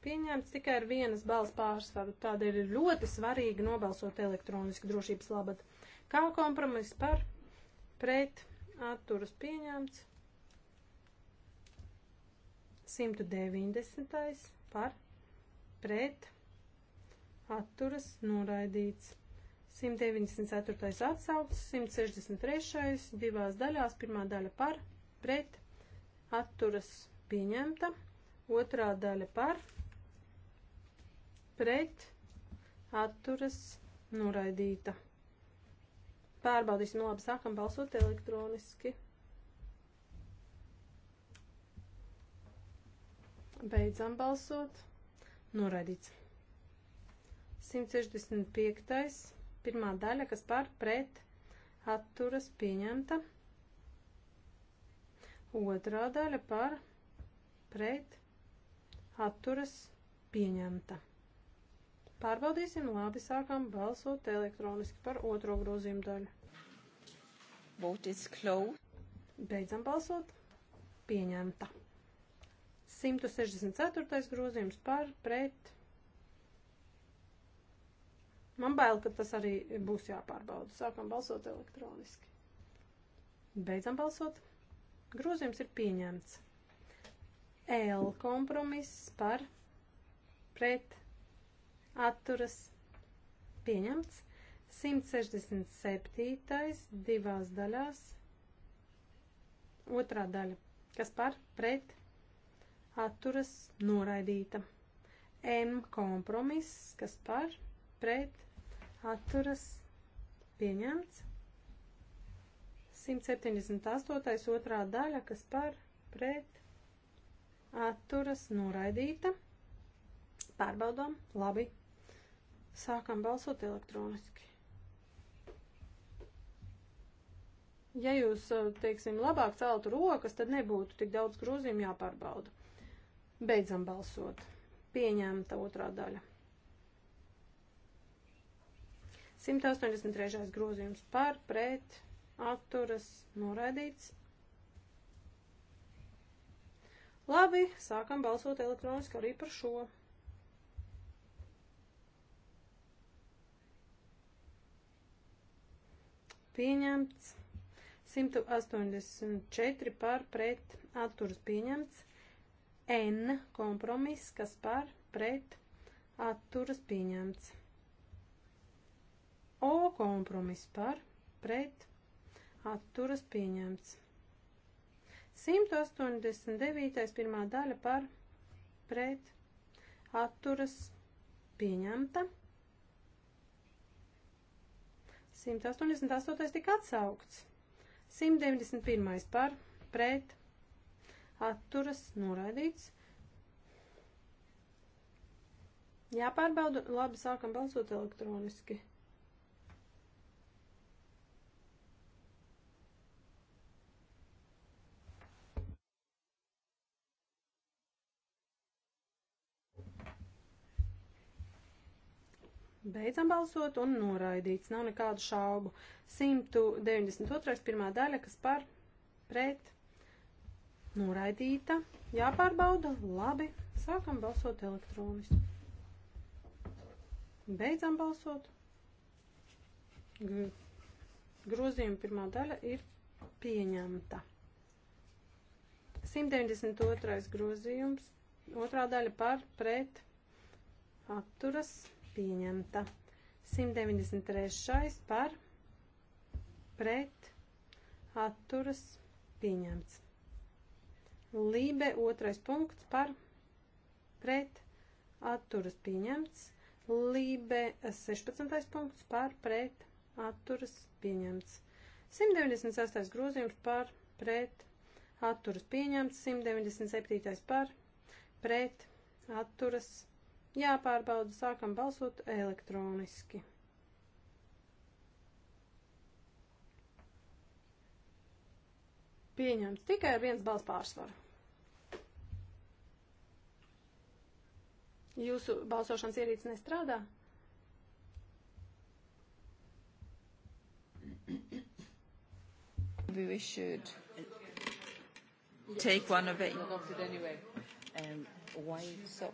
pieņemts tikai ar vienas balss pārsvaru. Tādēļ ir ļoti svarīgi nobalsot elektroniski drošības labad. Kā kompromiss par pret atturas pieņemts 190. par pret atturas noraidīts. 194. atsaucis, 163. divās daļās, pirmā daļa par pret atturas pieņemta, otrā daļa par pret pret atturas noraidīta. Pārbaudīsim, labi, sākam balsot elektroniski. Beidzam balsot. Noraidīts. 165. Pirmā daļa, kas par pret atturas pieņemta. Otrā daļa par pret atturas pieņemta. Pārbaudīsim, labi, sākam balsot elektroniski par otro grozījumu daļu. Vote is closed. Beidzam balsot. Pieņemta. 164. grozījums par pret. Man bail, ka tas arī būs jāpārbauda. Sākam balsot elektroniski. Beidzam balsot. Grozījums ir pieņemts. L kompromiss par pret atturas pieņemts. 167. divās daļās. Otrā daļa, kas par pret atturas noraidīta. M kompromiss, kas par pret atturas pieņemts. 178. otrā daļa, kas par pret atturas noraidīta. Pārbaudām, labi, Sākam balsot elektroniski. Ja jūs, eh, teiksim, labāk celtu rokas, tad nebūtu tik daudz grozījumu jāpārbauda. Beidzam balsot. Pieņemta otrā daļa. 183. grozījums par, pret, atturas, noraidīts. Labi, sākam balsot elektroniski arī par šo. pieņemts. 184 par pret atturas pieņemts. N kompromiss, kas par pret atturas pieņemts. O kompromiss par pret atturas pieņemts. 189. pirmā daļa par pret atturas pieņemta. 188. tika atsaukts. 191. par pret atturas noraidīts. Jāpārbauda, labi, sākam balsot elektroniski. Beidzam balsot un noraidīts. Nav nekādu šaubu. 192. pirmā daļa, kas par pret noraidīta. Jāpārbauda. Labi. Sākam balsot elektroniski. Beidzam balsot. Grozījuma pirmā daļa ir pieņemta. 192. grozījums. Otrā daļa par pret apturas pieņemta. 193. par pret atturas pieņemts. Lībe otrais punkts par pret atturas pieņemts. Lībe 16. punkts par pret atturas pieņemts. 198. grozījums par pret atturas pieņemts. 197. par pret atturas pieņemts atturas Jāpārbauda, sākam balsot elektroniski. Pieņemts tikai ar viens balss pārsvaru. Jūsu balsošanas ierīce nestrādā? Maybe we should take one of it. Um, why so?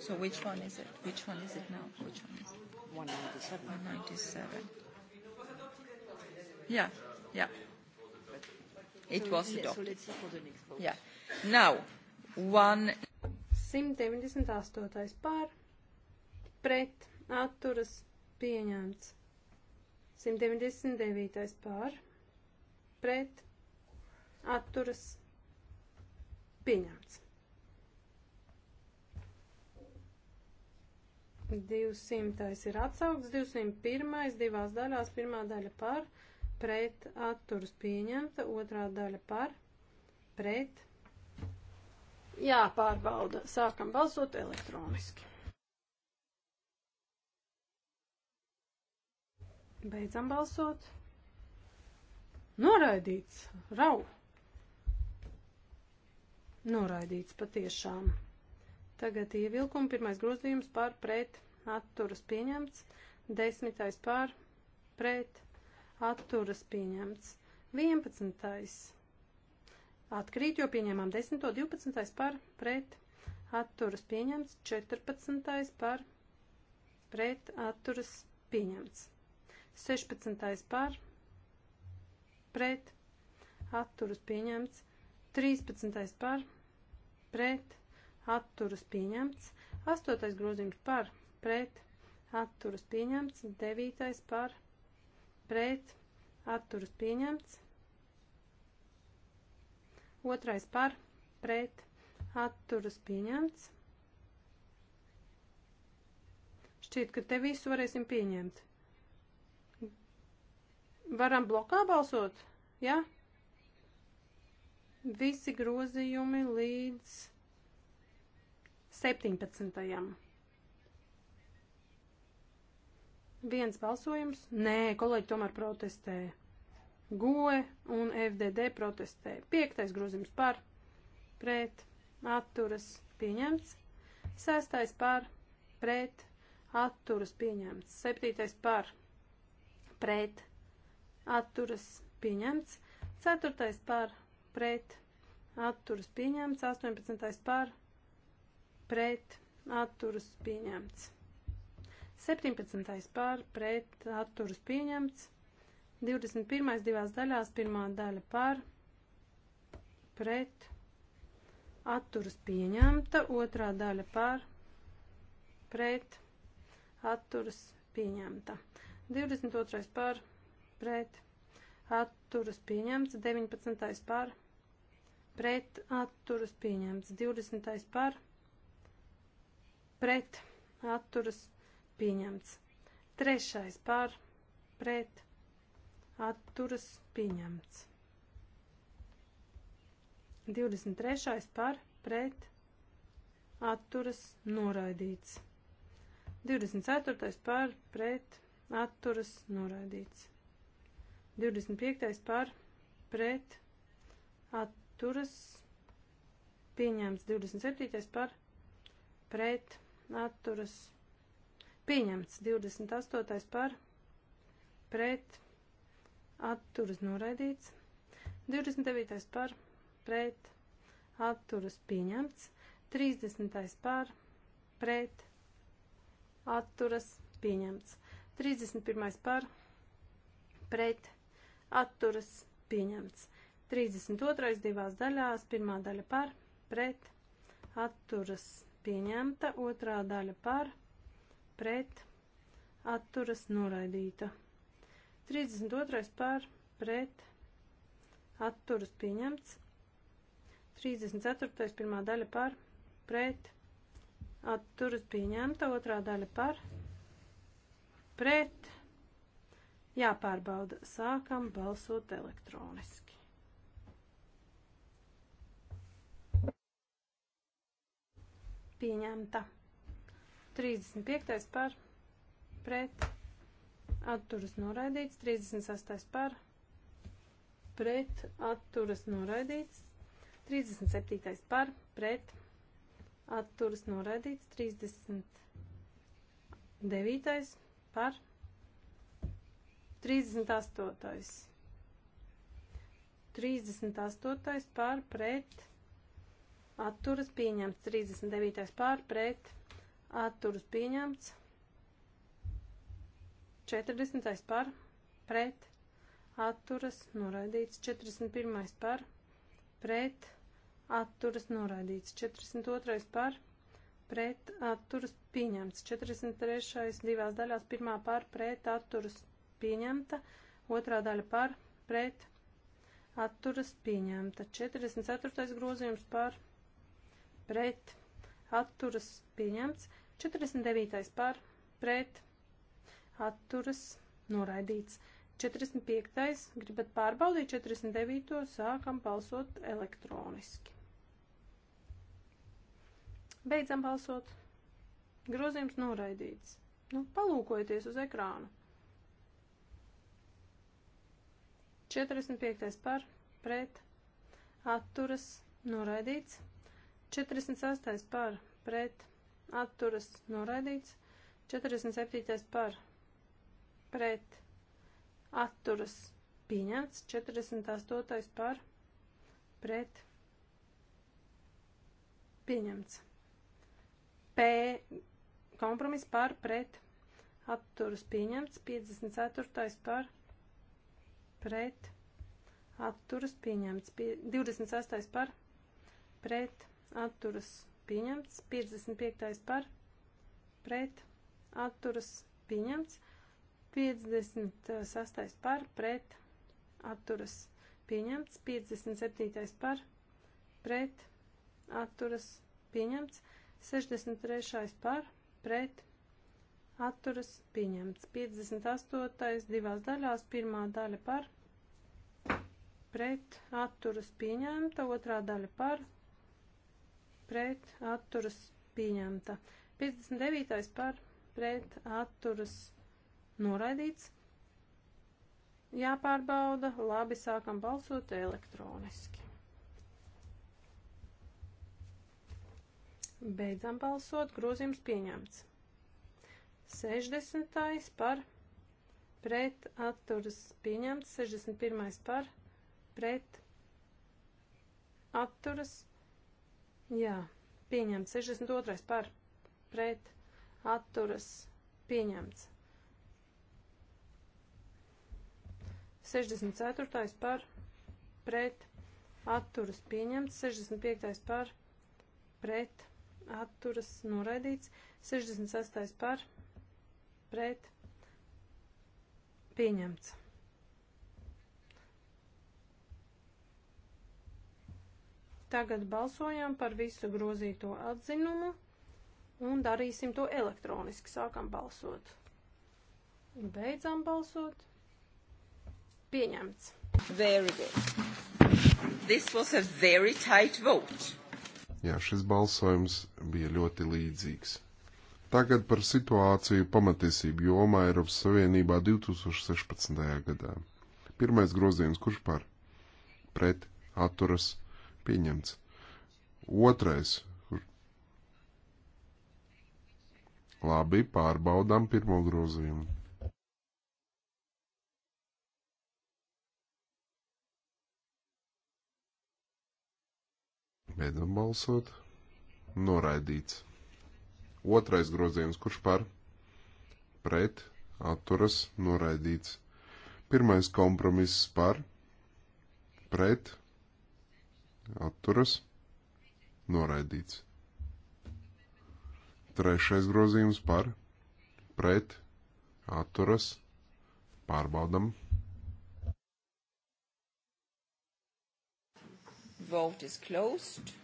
So which one is it? Which one is it now? Which one is it? 197. 197. Yeah, yeah. It was adopted. So let's see for the next vote. Yeah. Now, one... 198. pār, pret, atturas, pieņemts. 199. pār, pret, atturas, pieņemts. 200. ir atsaukts, 201. divās daļās, pirmā daļa par, pret atturas pieņemta, otrā daļa par, pret. Jāpārbauda. Sākam balsot elektroniski. Beidzam balsot. Noraidīts. Rau. Noraidīts patiešām. Tagad ievilkumi, pirmais grozījums par pret atturas pieņemts, desmitais par pret atturas pieņemts, vienpadsmitais atkrīt, jo pieņēmām desmito, divpadsmitais par pret atturas pieņemts, četrpadsmitais par pret atturas pieņemts, sešpadsmitais par pret atturas pieņemts, trīspadsmitais par pret atturas pieņemts, 8. grozījums par pret atturas pieņemts, 9. par pret atturas pieņemts, 2. par pret atturas pieņemts. Šķiet, ka te visu varēsim pieņemt. Varam blokā balsot, ja? Visi grozījumi līdz 17. Viens balsojums. Nē, kolēģi tomēr protestē. GOE un FDD protestē. Piektais grozījums par, pret, atturas, pieņemts. Sestais par, pret, atturas, pieņemts. Septītais par, pret, atturas, pieņemts. Ceturtais par, pret, atturas, pieņemts. Astoņpadsmitais par, pret pret atturas pieņemts. 17. par pret atturas pieņemts. 21. divās daļās pirmā daļa par pret atturas pieņemta, otrā daļa par pret atturas pieņemta. 22. par pret atturas pieņemts, 19. par pret atturas pieņemts, 20. par pret pret atturas pieņemts. Trešais par pret atturas pieņemts. 23. par pret atturas noraidīts. 24. par pret atturas noraidīts. 25. par pret atturas pieņemts. 27. par pret atturas atturas pieņemts. 28. par pret atturas noraidīts. 29. par pret atturas pieņemts. 30. par pret atturas pieņemts. 31. par pret atturas pieņemts. 32. divās daļās, pirmā daļa par pret atturas pieņemts pieņemta, otrā daļa par, pret, atturas noraidīta. 32. par, pret, atturas pieņemts. 34. pirmā daļa par, pret, atturas pieņemta, otrā daļa par, pret, jāpārbauda. Sākam balsot elektroniski. pieņemta. 35. par pret atturas noraidīts. 36. par pret atturas noraidīts. 37. par pret atturas noraidīts. 39. par 38. 38. par pret atturas pieņemts. 39. pār pret atturas pieņemts. 40. par pret atturas noraidīts. 41. par pret atturas noraidīts. 42. par pret atturas pieņemts. 43. divās daļās pirmā par pret atturas pieņemta. Otrā daļa par pret atturas pieņemta. 44. grozījums par pret pret, atturas pieņemts, 49. par, pret, atturas noraidīts. 45. gribat pārbaudīt 49. sākam balsot elektroniski. Beidzam balsot. Grozījums noraidīts. Nu, palūkojieties uz ekrānu. 45. par, pret, atturas, noraidīts. 48. par pret atturas noraidīts. 47. par pret atturas pieņemts. 48. par pret pieņemts. P kompromis par pret atturas pieņemts. 54. par pret atturas pieņemts. 26. par pret atturas pieņemts, 55. par pret atturas pieņemts, 56. par pret atturas pieņemts, 57. par pret atturas pieņemts, 63. par pret atturas pieņemts, 58. divās daļās, pirmā daļa par pret atturas pieņemta, otrā daļa par pret pret atturas pieņemta. 59. par pret atturas noraidīts. Jāpārbauda, labi sākam balsot elektroniski. Beidzam balsot, grozījums pieņemts. 60. par pret atturas pieņemts, 61. par pret atturas pieņemts Jā, pieņemts. 62. par pret atturas pieņemts. 64. par pret atturas pieņemts. 65. par pret atturas noraidīts. 68. par pret pieņemts. Tagad balsojam par visu grozīto atzinumu un darīsim to elektroniski. Sākam balsot. Beidzam balsot. Pieņemts. Very good. This was a very tight vote. Jā, šis balsojums bija ļoti līdzīgs. Tagad par situāciju pamatiesību jomā Eiropas Savienībā 2016. gadā. Pirmais grozījums, kurš par? Pret, atturas, Pieņemts. Otrais. Labi, pārbaudām pirmo grozījumu. Beidzam balsot. Noraidīts. Otrais grozījums, kurš par pret atturas noraidīts. Pirmais kompromiss par pret atturas noraidīts. Trešais grozījums par pret atturas pārbaudam. Vote is closed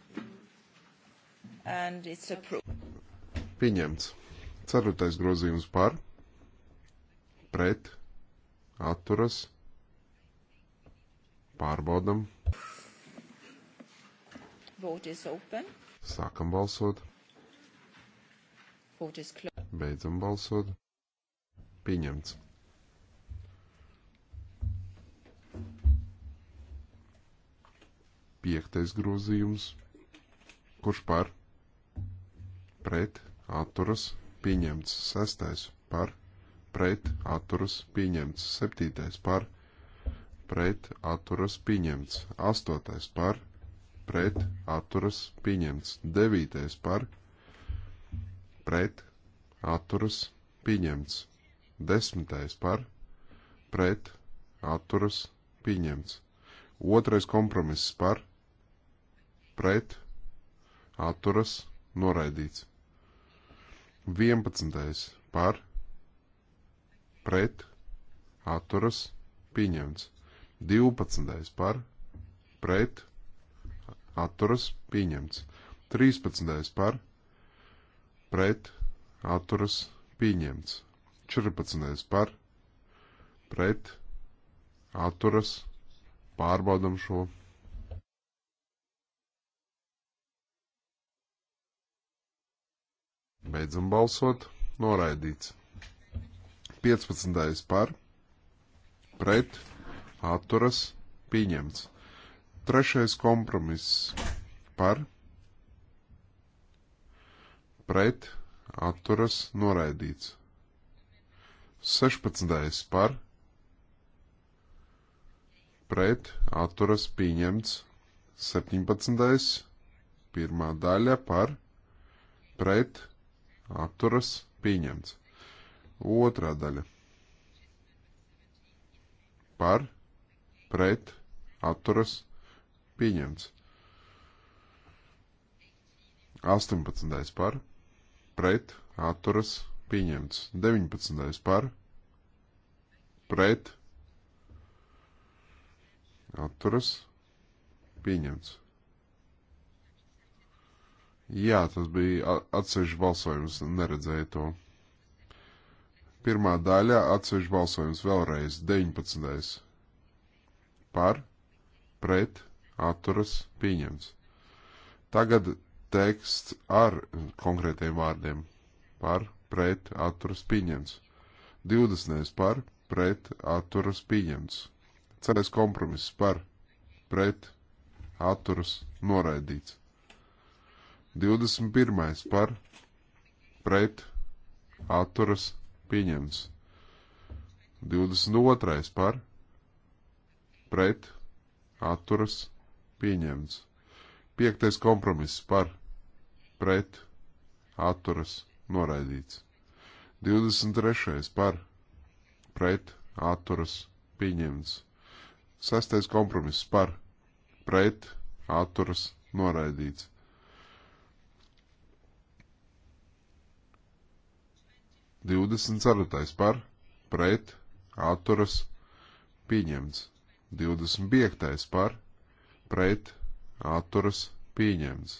and it's approved. Pieņemts. Ceturtais grozījums par pret atturas pārbaudam. Vote is open. Sākam balsot. Vote is closed. Beidzam balsot. Pieņemts. Piektais grozījums. Kurš par? Pret, atturas, pieņemts. Sestais par, pret, atturas, pieņemts. Septītais par, pret, atturas, pieņemts. Astotais par, pret pret atturas pieņemts. 9. par pret atturas pieņemts. 10. par pret atturas pieņemts. 2. kompromiss par pret atturas noraidīts. 11. par pret atturas pieņemts. 12. par pret atturas pieņemts. 13. par pret atturas pieņemts. 14. par pret atturas pārbaudam šo. Beidzam balsot, noraidīts. 15. par pret atturas pieņemts. Trešais kompromiss par pret atturas noraidīts. 16. par pret atturas pieņemts. 17. pirmā daļa par pret atturas pieņemts. Otrā daļa par pret atturas pieņemts Pieņemts. 18. par, pret, atturas, pieņemts. 19. par, pret, atturas, pieņemts. Jā, tas bija atsevišķi balsojums, neredzēju to. Pirmā daļa atsevišķi balsojums vēlreiz 19. par, pret, atturas pieņemts. Tagad teksts ar konkrētiem vārdiem par pret atturas pieņemts. 20. par pret atturas pieņemts. Ceļais kompromiss par pret atturas noraidīts. 21. par pret atturas pieņemts. 22. par pret atturas pieņemts pieņemts. Piektais kompromiss par pret atturas noraidīts. 23. par pret atturas pieņemts. Sestais kompromiss par pret atturas noraidīts. 24. par pret atturas pieņemts. 25. par pret atturas pieņemts.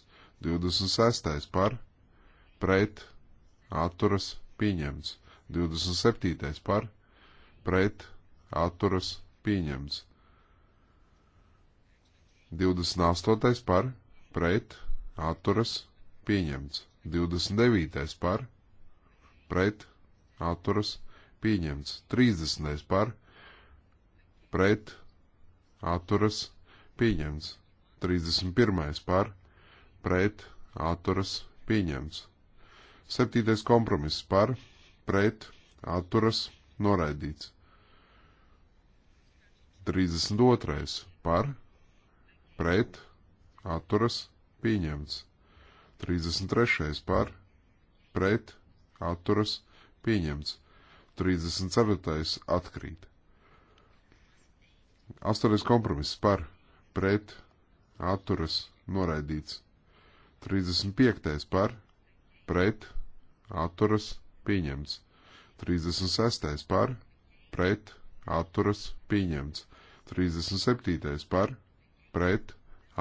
26. par pret atturas pieņemts. 27. par pret atturas pieņemts. 28. par pret atturas pieņemts. 29. par pret atturas pieņemts. 30. par pret atturas pieņemts pieņemts. 31. par, pret, atturas, pieņemts. 7. kompromiss par, pret, atturas, noraidīts. 32. par, pret, atturas, pieņemts. 33. par, pret, atturas, pieņemts. 37. atkrīt. 8. kompromiss par, pret atturas noraidīts. 35. par pret atturas pieņemts. 36. par pret atturas pieņemts. 37. par pret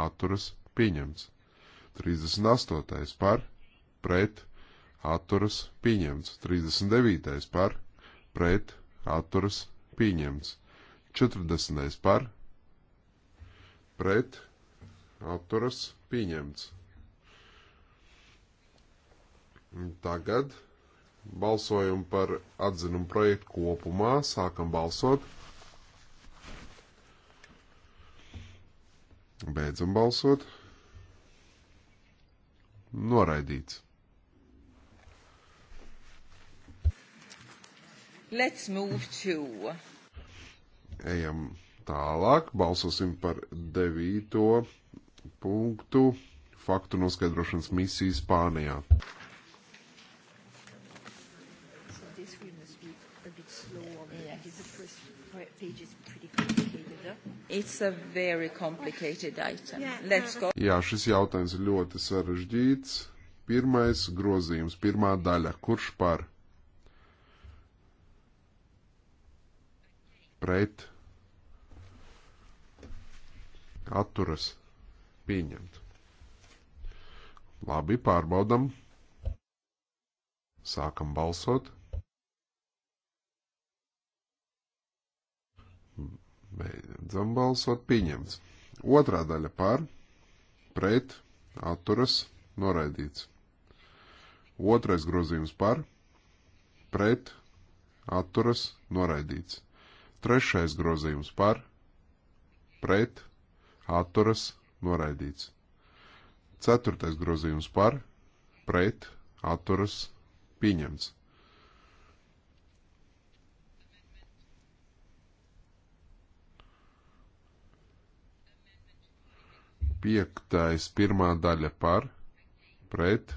atturas pieņemts. 38. par pret atturas pieņemts. 39. par pret atturas pieņemts. 40. par pret atturas pieņemts. Tagad balsojam par atzinumu projektu kopumā, sākam balsot. Beidzam balsot. Noraidīts. Let's move to. Ejam Tālāk balsosim par devīto punktu faktu noskaidrošanas misiju Spānijā. Jā, šis jautājums ir ļoti sarežģīts. Pirmais grozījums, pirmā daļa. Kurš par? Pret atturas pieņemt. Labi, pārbaudam. Sākam balsot. Beidzam balsot pieņemts. Otrā daļa par, pret, atturas, noraidīts. Otrais grozījums par, pret, atturas, noraidīts. Trešais grozījums par, pret, atturas noraidīts. Ceturtais grozījums par, pret, atturas pieņemts. Piektais pirmā daļa par, pret,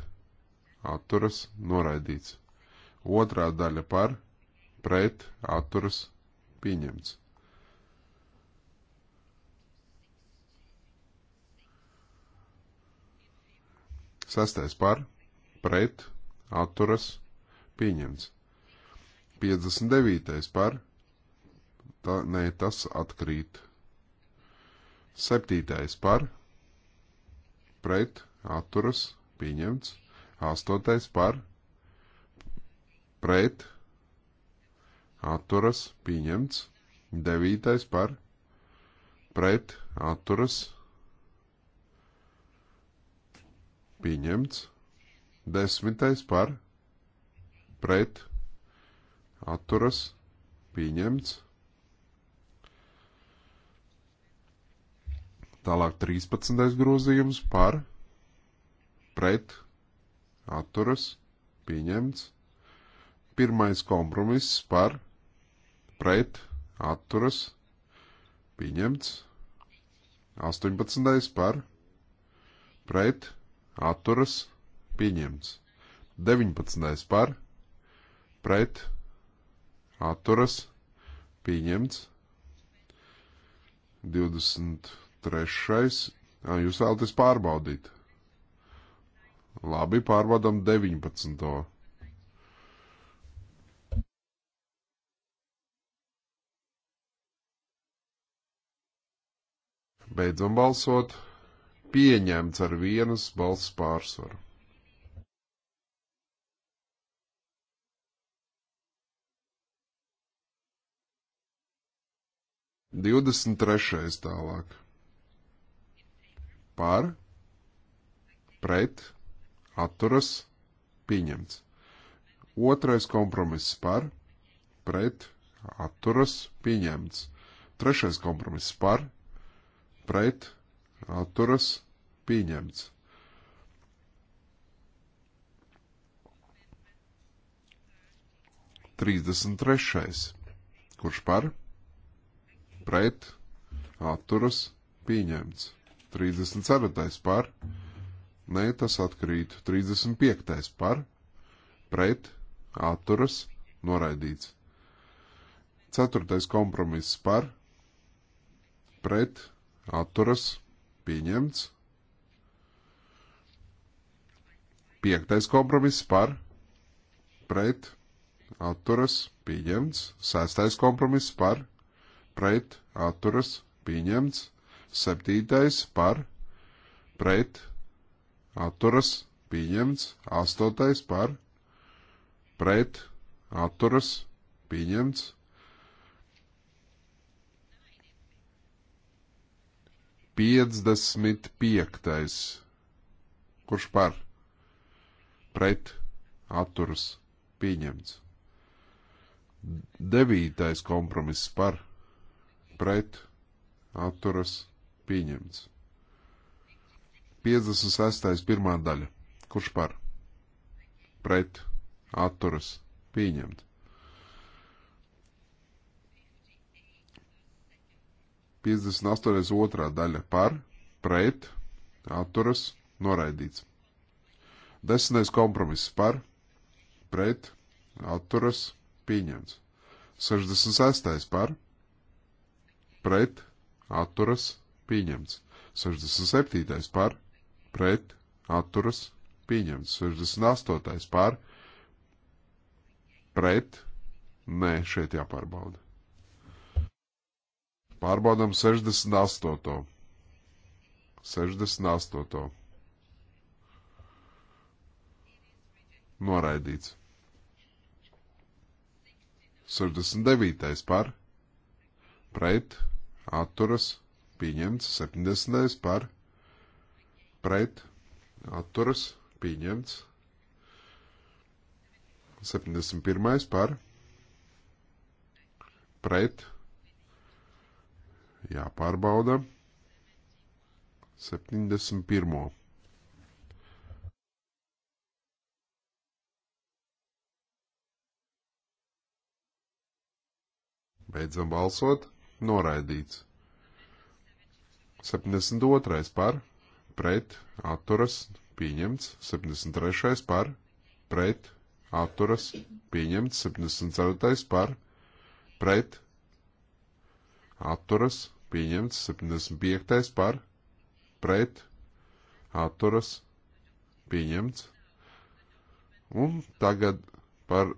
atturas noraidīts. Otrā daļa par, pret, atturas pieņemts. Sestais par, pret, atturas, pieņemts. 59. par, tā, nē, tas atkrīt. 7. par, pret, atturas, pieņemts. 8. par, pret, atturas, pieņemts. 9. par, pret, atturas, pieņemts pieņemts. Desmitais par, pret, atturas, pieņemts. Tālāk 13. grozījums par, pret, atturas, pieņemts. Pirmais kompromiss par, pret, atturas, pieņemts. 18. par, pret, atturas, pieņemts. 19. par, pret, atturas, pieņemts. 23. Ā, jūs vēlaties pārbaudīt. Labi, pārbaudam 19. Beidzam balsot pieņemts ar vienas balss pārsvaru. Divdesmit trešais tālāk. Par, pret, atturas, pieņemts. Otrais kompromiss par, pret, atturas, pieņemts. Trešais kompromiss par, pret, atturas, Pieņemts. Trīsdesmit trešais. Kurš par? Pret. Atturas. Pieņemts. Trīsdesmit ceturtais par. Nē, tas atkrīt. Trīsdesmit piektais par. Pret. Atturas. Noraidīts. Ceturtais kompromiss par. Pret. Atturas. Pieņemts. Piektais kompromiss par, pret, atturas, pieņemts. Sestais kompromiss par, pret, atturas, pieņemts. Septītais par, pret, atturas, pieņemts. Astotais par, pret, atturas, pieņemts. Piecdesmit piektais. Kurš par? pret atturas pieņemts. Devītais kompromiss par pret atturas pieņemts. 56. pirmā daļa. Kurš par? Pret, atturas, pieņemt. 58. otrā daļa par, pret, atturas, noraidīts. Desmitais kompromiss par, pret, atturas, pieņemts. 66. par, pret, atturas, pieņemts. 67. par, pret, atturas, pieņemts. 68. par, pret, nē, šeit jāpārbauda. Pārbaudam 68. 68. Noraidīts. 69. par, pret, atturas, pieņemts. 70. par, pret, atturas, pieņemts. 71. par, pret, jāpārbauda. 71. Beidzam balsot. Noraidīts. 72. par, pret, atturas, pieņemts. 73. par, pret, atturas, pieņemts. 74. par, pret, atturas, pieņemts. 75. par, pret, atturas, pieņemts. Un tagad par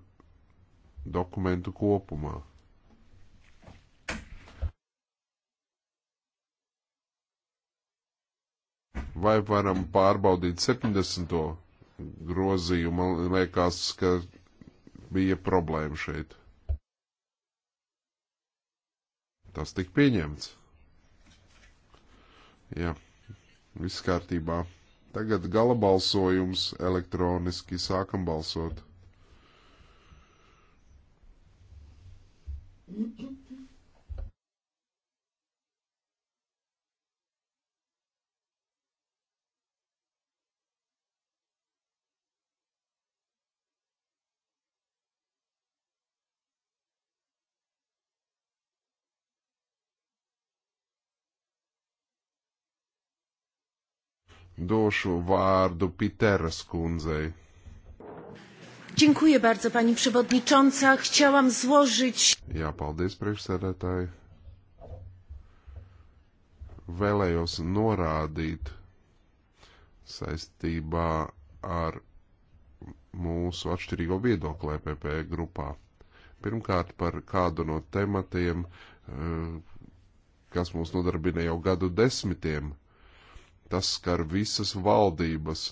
dokumentu kopumā. Vai varam pārbaudīt 70. grozījumu? Man liekas, ka bija problēma šeit. Tas tika pieņemts. Jā, viss kārtībā. Tagad gala balsojums elektroniski sākam balsot. Mm-hmm. Došu vārdu Piteras kundzei. Dziękuję bardzo, pani przewodnicząca. Chciałam złożyć. Jā, paldies, priekšsēdētāji. Vēlējos norādīt saistībā ar mūsu atšķirīgo viedokli EPP grupā. Pirmkārt, par kādu no tematiem, eh, kas mūs nodarbina jau gadu desmitiem Tas skar visas valdības,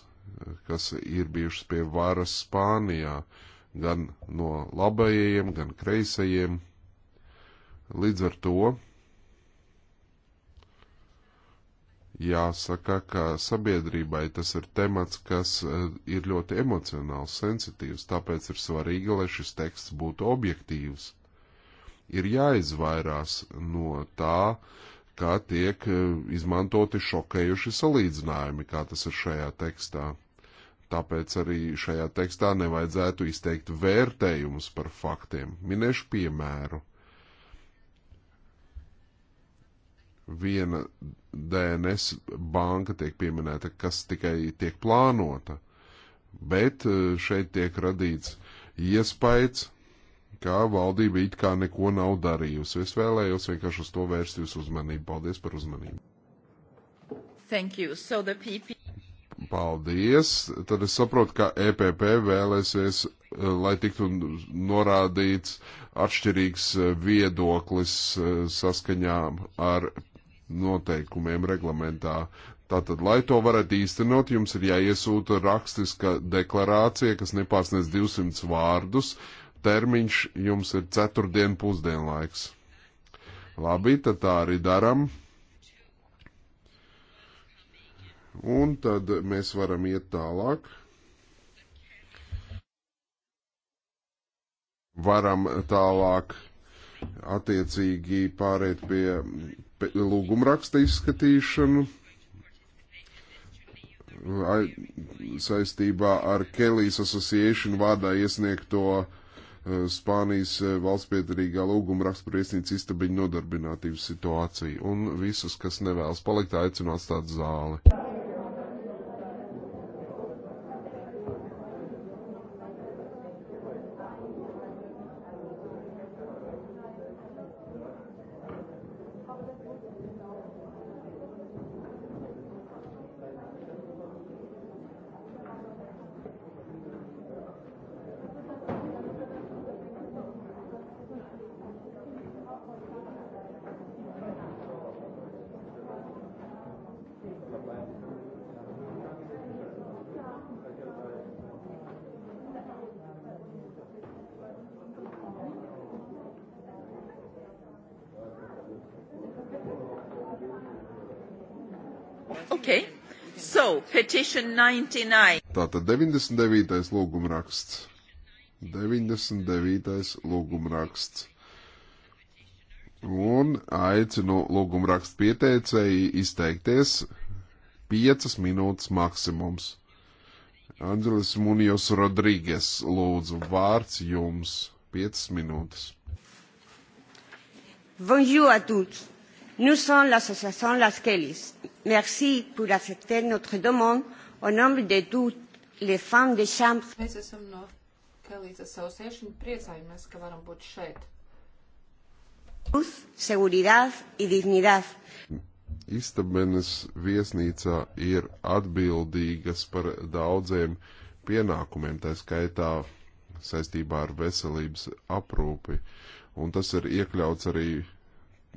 kas ir bijušas pie varas Spānijā, gan no labajiem, gan kreisajiem. Līdz ar to jāsaka, ka sabiedrībai tas ir temats, kas eh, ir ļoti emocionāls, sensitīvs, tāpēc ir svarīgi, lai šis teksts būtu objektīvs. Ir jāizvairās no tā, kā tiek e, izmantoti šokējuši salīdzinājumi, kā tas ir šajā tekstā. Tāpēc arī šajā tekstā nevajadzētu izteikt vērtējumus par faktiem. Minēšu piemēru. Viena DNS banka tiek pieminēta, kas tikai tiek plānota, bet e, šeit tiek radīts iespējas, ka valdība it kā neko nav darījusi. Es vēlējos vienkārši uz to vērst jūsu uzmanību. Paldies par uzmanību. Thank you. So the PP... Paldies. Tad es saprotu, ka EPP vēlēsies, eh, lai tiktu norādīts atšķirīgs eh, viedoklis eh, saskaņā ar noteikumiem reglamentā. Tātad, lai to varētu īstenot, jums ir jāiesūta rakstiska deklarācija, kas nepārsniedz 200 vārdus, uh, termiņš jums ir ceturtdien pusdienlaiks. Labi, tad tā arī daram. Un tad mēs varam iet tālāk. Varam tālāk attiecīgi pāriet pie lūgumraksta izskatīšanu saistībā ar Kelly's Association vārdā iesniegto Spānijas eh, valsts piedarīgā lūguma rakstura iesnīca istabiņu nodarbinātības situāciju un visus, kas nevēlas palikt, aicinu atstāt zāli. Petition 99. Tātad 99. lūgumraksts. 99. lūgumraksts. Un aicinu lūgumrakstu pieteicēji izteikties 5 minūtes maksimums. Anģelis Munjos Rodrīgas, lūdzu, vārds jums 5 minūtes. Bonjour à tous. Nous sommes l'association Las Kellys. Merci pour accepter notre demande au nom de toutes les femmes de chambre. Mēs esam no Kellys Association. Priecājamies, ka varam būt šeit. Luz, seguridad y dignidad. Istabenes viesnīcā ir atbildīgas par daudziem pienākumiem, tā skaitā saistībā ar veselības aprūpi. Un tas ir iekļauts arī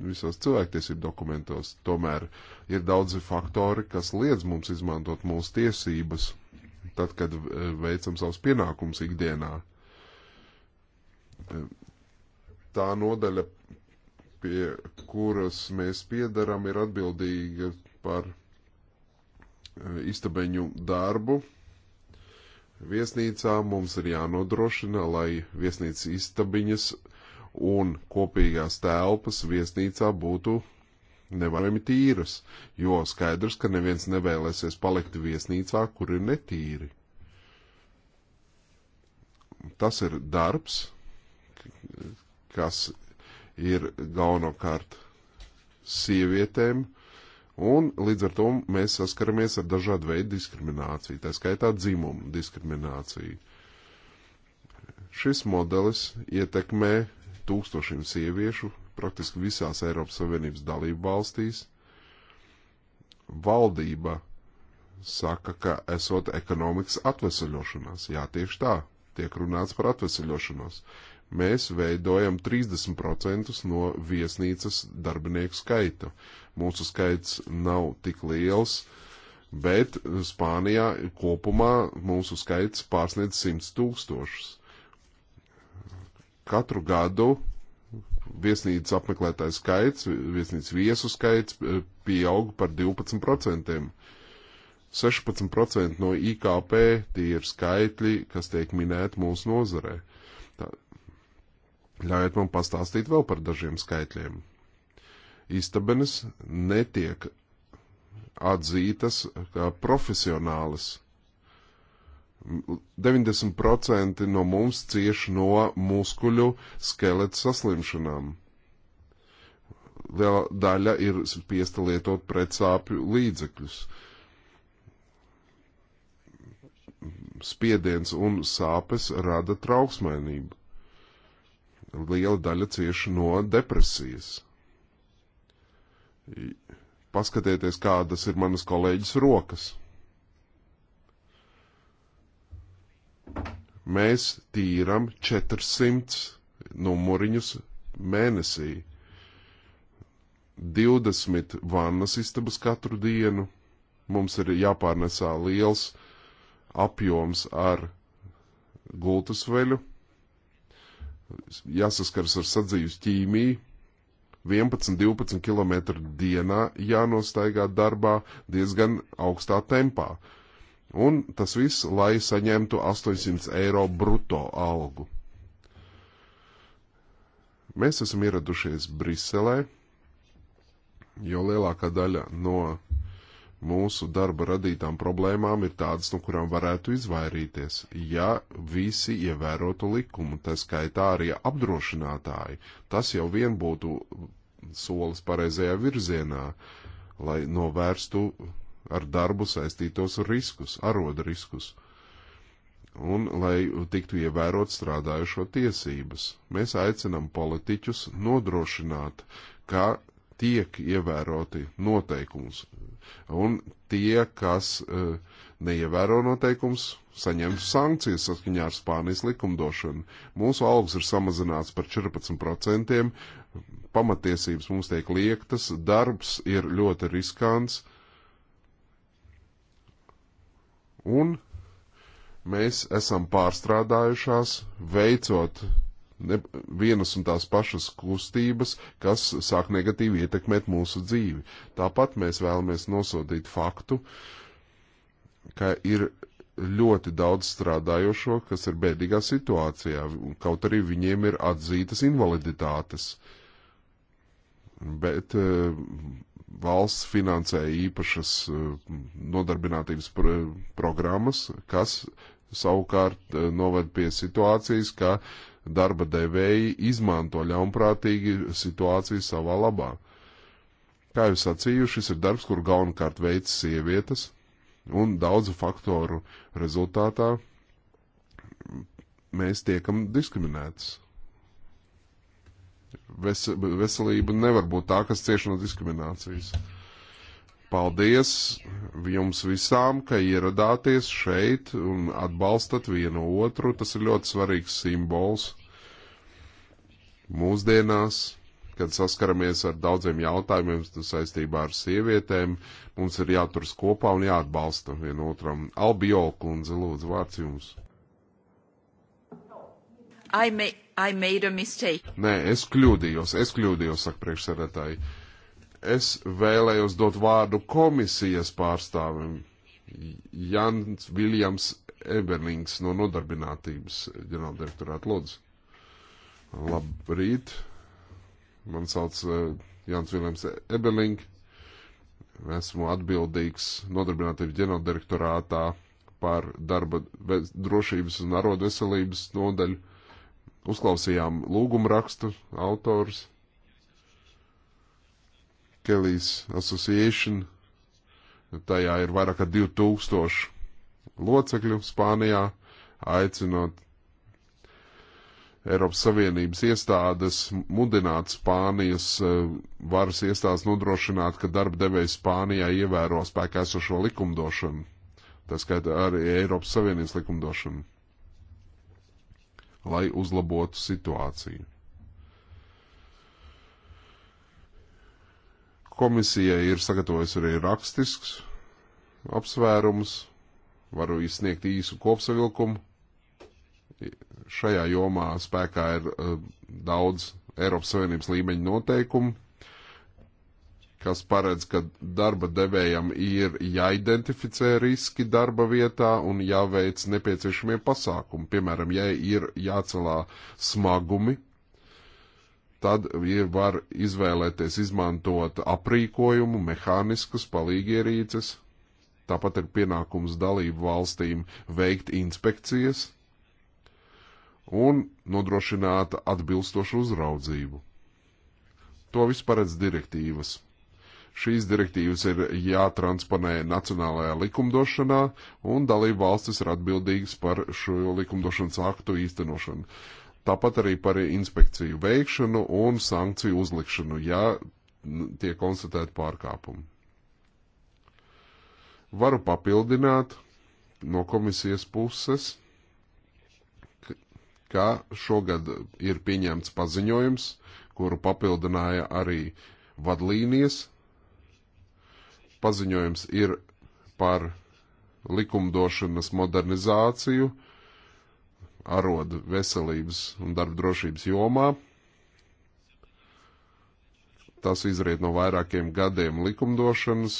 visos cilvēktiesību dokumentos. Tomēr ir daudzi faktori, kas liedz mums izmantot mūsu tiesības, tad, kad e, veicam savus pienākumus ikdienā. E, tā nodaļa, pie kuras mēs piedaram, ir atbildīga par e, istabeņu darbu. Viesnīcā mums ir jānodrošina, lai viesnīcas istabiņas uh, un kopīgās telpas viesnīcā būtu nevarami tīras, jo skaidrs, ka neviens nevēlēsies palikt viesnīcā, kur ir netīri. Tas ir darbs, kas ir galvenokārt sievietēm, un līdz ar to mēs saskaramies ar dažādu veidu diskrimināciju, tā skaitā dzimumu diskrimināciju. Šis modelis ietekmē tūkstošiem sieviešu praktiski visās Eiropas Savienības dalību valstīs. Valdība saka, ka esot ekonomikas atvesaļošanās. Jā, tieši tā, tiek runāts par atvesaļošanos. Mēs veidojam 30% no viesnīcas darbinieku skaita. Mūsu skaits nav tik liels, bet Spānijā kopumā mūsu skaits pārsniedz 100 tūkstošus katru gadu viesnīcas apmeklētāju skaits, viesnīcas viesu skaits eh, pieauga par 12%. 16% no IKP tie ir skaitļi, kas tiek minēti mūsu nozarē. Tā, ļaujiet man pastāstīt vēl par dažiem skaitļiem. Istabenes netiek atzītas kā profesionālas 90% no mums cieši no muskuļu skeleta saslimšanām. Liela daļa ir spiesta lietot pretsāpju līdzekļus. Spiediens un sāpes rada trauksmainību. Liela daļa cieši no depresijas. Paskatieties, kādas ir manas kolēģis rokas Mēs tīram 400 numuriņus mēnesī. 20 vannas istabas katru dienu. Mums ir jāpārnesā liels apjoms ar gultas veļu, jāsaskars ar sadzīves ķīmiju, 11-12 km dienā jānostaigā darbā diezgan augstā tempā. Un tas viss, lai saņemtu 800 eiro bruto algu. Mēs esam ieradušies Briselē, jo lielākā daļa no mūsu darba radītām problēmām ir tādas, no kurām varētu izvairīties, ja visi ievērotu likumu, tā skaitā arī apdrošinātāji. Tas jau vien būtu solis pareizajā virzienā, lai novērstu ar darbu saistītos riskus, aroda riskus. Un, lai tiktu ievērot strādājušo tiesības, mēs aicinam politiķus nodrošināt, ka tiek ievēroti noteikums, un tie, kas uh, neievēro noteikums, saņems sankcijas saskaņā ar Spānijas likumdošanu. Mūsu algas ir samazināts par 14%, pamatiesības mums tiek liektas, darbs ir ļoti riskants, Un mēs esam pārstrādājušās, veicot ne, vienas un tās pašas kustības, kas sāk negatīvi ietekmēt mūsu dzīvi. Tāpat mēs vēlamies nosodīt faktu, ka ir ļoti daudz strādājošo, kas ir bēdīgā situācijā, kaut arī viņiem ir atzītas invaliditātes. Bet eh, valsts finansēja īpašas eh, nodarbinātības pr programmas, kas savukārt eh, noved pie situācijas, ka darba devēji izmanto ļaunprātīgi situāciju savā labā. Kā jau sacīju, šis ir darbs, kur galvenokārt veids sievietes, un daudzu faktoru rezultātā mēs tiekam diskriminētas. Ves, veselība nevar būt tā, kas cieši no diskriminācijas. Paldies jums visām, ka ieradāties šeit un atbalstat vienu otru. Tas ir ļoti svarīgs simbols mūsdienās, kad saskaramies ar daudziem jautājumiem saistībā ar sievietēm. Mums ir jāturas kopā un jāatbalsta vienotram. Albiola kundze, lūdzu, vārds jums. I may I made a mistake. Nē, es kļūdījos, es kļūdījos, saka priekšsēdētāji. Es vēlējos dot vārdu komisijas pārstāvim Jans Viljams Eberlings no nodarbinātības ģenerāldirektorāta Lodz. Labrīt, man sauc eh, Jans Viljams Eberlings. Esmu atbildīgs nodarbinātības ģenerāldirektorātā par darba drošības un arodveselības nodaļu Uzklausījām lūgumu rakstu autors Kelly's Association. Tajā ir vairāk kā 2000 locekļu Spānijā, aicinot Eiropas Savienības iestādes mudināt Spānijas eh, varas iestādes nodrošināt, ka darba devējs Spānijā ievēro spēkā esošo likumdošanu, tā skaitā arī Eiropas Savienības likumdošanu lai uzlabotu situāciju. Komisija ir sagatavojusi arī rakstisks apsvērums, varu izsniegt īsu kopsavilkumu. Šajā jomā spēkā ir uh, daudz Eiropas Savienības līmeņa noteikumu, kas paredz, ka darba devējam ir jāidentificē riski darba vietā un jāveic nepieciešamie pasākumi. Piemēram, ja ir jācelā smagumi, tad ir var izvēlēties izmantot aprīkojumu, mehāniskus palīgierīces. Tāpat ir pienākums dalību valstīm veikt inspekcijas un nodrošināt atbilstošu uzraudzību. To vispār redz direktīvas Šīs direktīvas ir jātransponē nacionālajā likumdošanā, un dalība valstis ir atbildīgas par šo likumdošanas aktu īstenošanu. Tāpat arī par inspekciju veikšanu un sankciju uzlikšanu, ja tiek konstatēti pārkāpumi. Varu papildināt no komisijas puses, ka šogad ir pieņemts paziņojums, kuru papildināja arī vadlīnijas paziņojums ir par likumdošanas modernizāciju arodu veselības un darba drošības jomā. Tas izriet no vairākiem gadiem likumdošanas,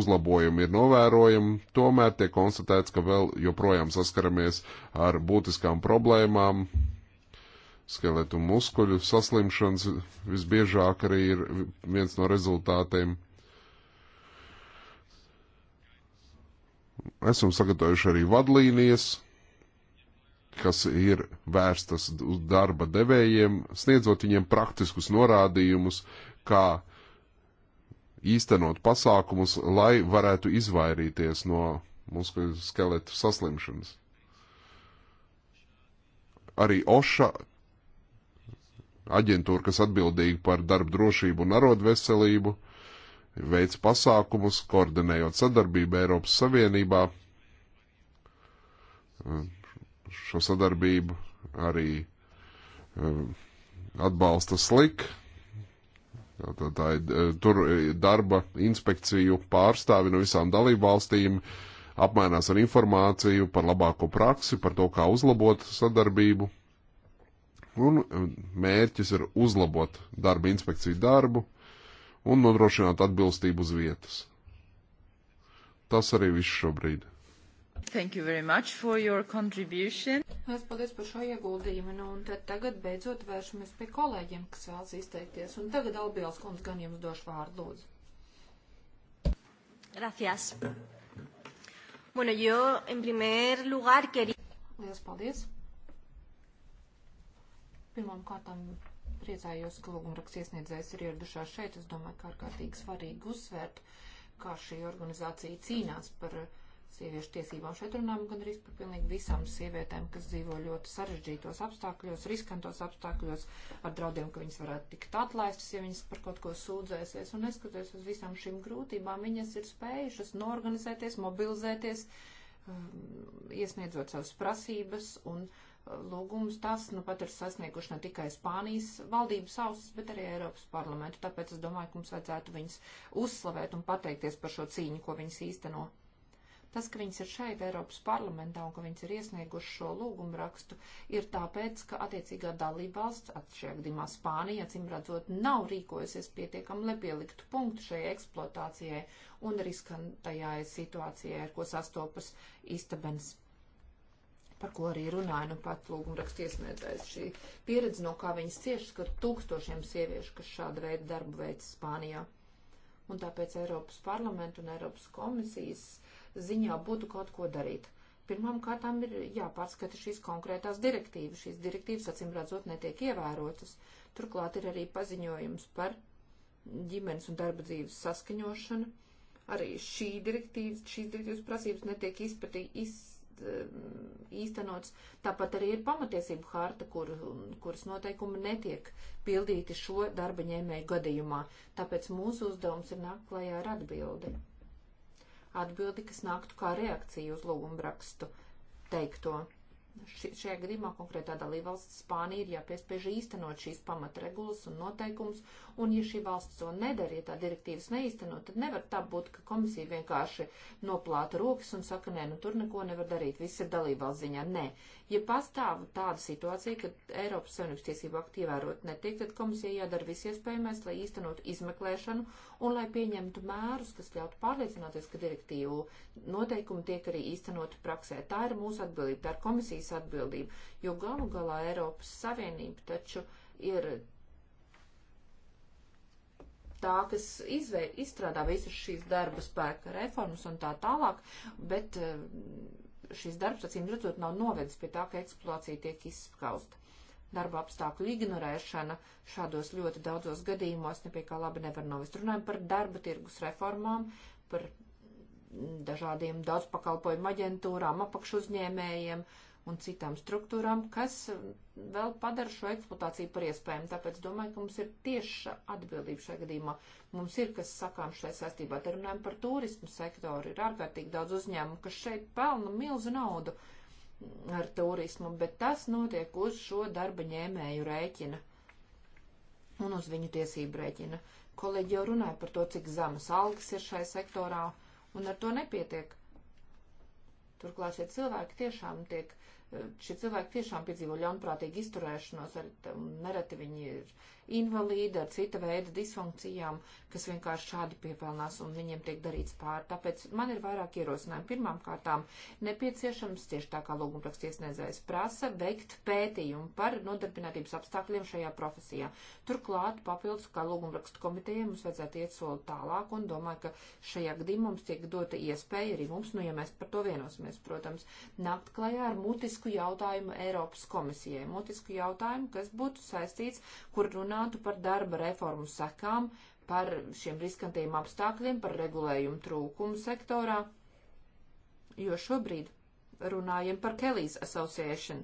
uzlabojumi ir novērojami, tomēr tiek konstatēts, ka vēl joprojām saskaramies ar būtiskām problēmām. Skeletu muskuļu saslimšanas visbiežāk arī ir viens no rezultātiem. Esam sagatavojuši arī vadlīnijas, kas ir vērstas uz darba devējiem, sniedzot viņiem praktiskus norādījumus, kā īstenot pasākumus, lai varētu izvairīties no muskuļu skeletu saslimšanas. Arī OŠA aģentūra, kas atbildīga par darba drošību un arodveselību, veselību, veic pasākumus, koordinējot sadarbību Eiropas Savienībā. Šo sadarbību arī eh, atbalsta slik. Tā, tā ir eh, tur darba inspekciju pārstāvi no visām dalībvalstīm apmainās ar informāciju par labāko praksi, par to, kā uzlabot sadarbību. Un eh, mērķis ir uzlabot darba inspekciju darbu, uh, un nodrošināt atbilstību uz vietas. Tas arī viss šobrīd. Thank you very much for your contribution. Es paldies par šo ieguldījumu, nu, un tad tagad beidzot vēršamies pie kolēģiem, kas vēlas izteikties, un tagad Albielas kundz gan jums došu vārdu, lūdzu. Gracias. Bueno, yo en primer lugar quería... Liels paldies. Pirmām kārtām Priecājos, ka lūgumraks iesniedzējs ir ieradušās šeit. Es domāju, ka ārkārtīgi svarīgi uzsvērt, kā šī organizācija cīnās par uh, sieviešu tiesībām. Šeit runājam gan arī par pilnīgi visām sievietēm, kas dzīvo ļoti sarežģītos apstākļos, riskantos apstākļos, ar draudiem, ka viņas varētu tikt atlaistas, ja viņas par kaut ko sūdzēsies. Un neskatoties uz visām šīm grūtībām, viņas ir spējušas norganizēties, mobilizēties, um, iesniedzot savas prasības un uh, lūgumus. Tas nu pat ir sasnieguši ne tikai Spānijas valdības ausis, bet arī Eiropas parlamentu. Tāpēc es domāju, ka mums vajadzētu viņus uzslavēt un pateikties par šo cīņu, ko viņas īsteno. Tas, ka viņas ir šeit Eiropas parlamentā un ka viņas ir iesnieguši šo lūgumu rakstu, ir tāpēc, ka attiecīgā dalībvalsts, atšķirīgā gadījumā Spānija, cim redzot, nav rīkojusies pietiekami, lai pieliktu punktu šai eksploatācijai un riskantajai situācijai, ar ko sastopas istabens par ko arī runāja nu pat lūgumraksta iesniedzējs. Šī pieredze, no kā viņas ciešas, ka tūkstošiem sieviešu, kas šāda veida darbu veic Spānijā. Un tāpēc Eiropas parlamentu un Eiropas komisijas ziņā būtu kaut ko darīt. Pirmām kārtām ir jāpārskata šīs konkrētās direktīvas. Šīs direktīvas, acīm redzot, netiek ievērotas. Turklāt ir arī paziņojums par ģimenes un darba dzīves saskaņošanu. Arī šī direktīvas, šīs direktīvas prasības netiek izpatī, iz, Um, īstenots. Tāpat arī ir pamatiesību harta, kur, um, kuras noteikumi netiek pildīti šo darba ņēmēju gadījumā. Tāpēc mūsu uzdevums ir nākt klajā ar atbildi. Atbildi, kas nāktu kā reakcija uz lūgumbrakstu teikto. Šajā gadījumā konkrētā dalībvalsts Spānija ir jāpiespiež īstenot šīs pamatregulas un noteikums, un ja šī valsts to nedara, ja tā direktīvas neīstenot, tad nevar tā būt, ka komisija vienkārši noplāta rokas un saka, nē, nu tur neko nevar darīt, viss ir dalībvalsts ziņā. Nē, Ja pastāv tāda situācija, ka Eiropas Savienības tiesību aktu ievērot netiek, tad komisija jādara viss iespējamais, lai īstenotu izmeklēšanu un lai pieņemtu mērus, kas ļautu pārliecināties, ka direktīvu noteikumi tiek arī īstenoti praksē. Tā ir mūsu atbildība, tā ir komisijas atbildība, jo galu galā Eiropas Savienība taču ir tā, kas izvē, izstrādā visas šīs darba spēka reformas un tā tālāk, bet eh, šis darbs, acīm redzot, nav novedis pie tā, ka eksploatācija tiek izskausta. Darba apstākļu ignorēšana šādos ļoti daudzos gadījumos nepie kā labi nevar novest. Runājam par darba tirgus reformām, par dažādiem daudzpakalpojumu aģentūrām, apakšuzņēmējiem, uh, un citām struktūrām, kas vēl padara šo eksploatāciju par iespējumu. Tāpēc domāju, ka mums ir tieša atbildība šajā gadījumā. Mums ir kas sakām šai saistībā. Te runājam par turismu sektoru. Ir ārkārtīgi daudz uzņēmumu, kas šeit pelna milzu naudu ar turismu, bet tas notiek uz šo darba ņēmēju rēķina un uz viņu tiesību rēķina. Kolēģi jau runāja par to, cik zemas algas ir šai sektorā, un ar to nepietiek. Turklāt šie cilvēki tiešām tiek Šie cilvēki tiešām piedzīvo ļaunprātīgu izturēšanos, arī nereti viņi ir invalīdi ar cita veida disfunkcijām, kas vienkārši šādi piepelnās un viņiem tiek darīts pāri. Tāpēc man ir vairāk ierosinājumi. Pirmām kārtām nepieciešams, tieši tā kā lūgumraksts iesniedzējs prasa, veikt pētījumu par nodarbinātības apstākļiem šajā profesijā. Turklāt papildus, kā lūgumrakstu komitejai, mums vajadzētu iet soli tālāk un domāju, ka šajā gadījumā mums tiek dota iespēja arī mums, nu ja mēs par to vienosimies, protams, nākt klajā ar mutisku jautājumu Eiropas komisijai. Mutisku jautājumu, kas būtu saistīts, kur runā runātu par darba reformu sekām, par šiem riskantajiem apstākļiem, par regulējumu trūkumu sektorā, jo šobrīd runājam par Kelly's Association,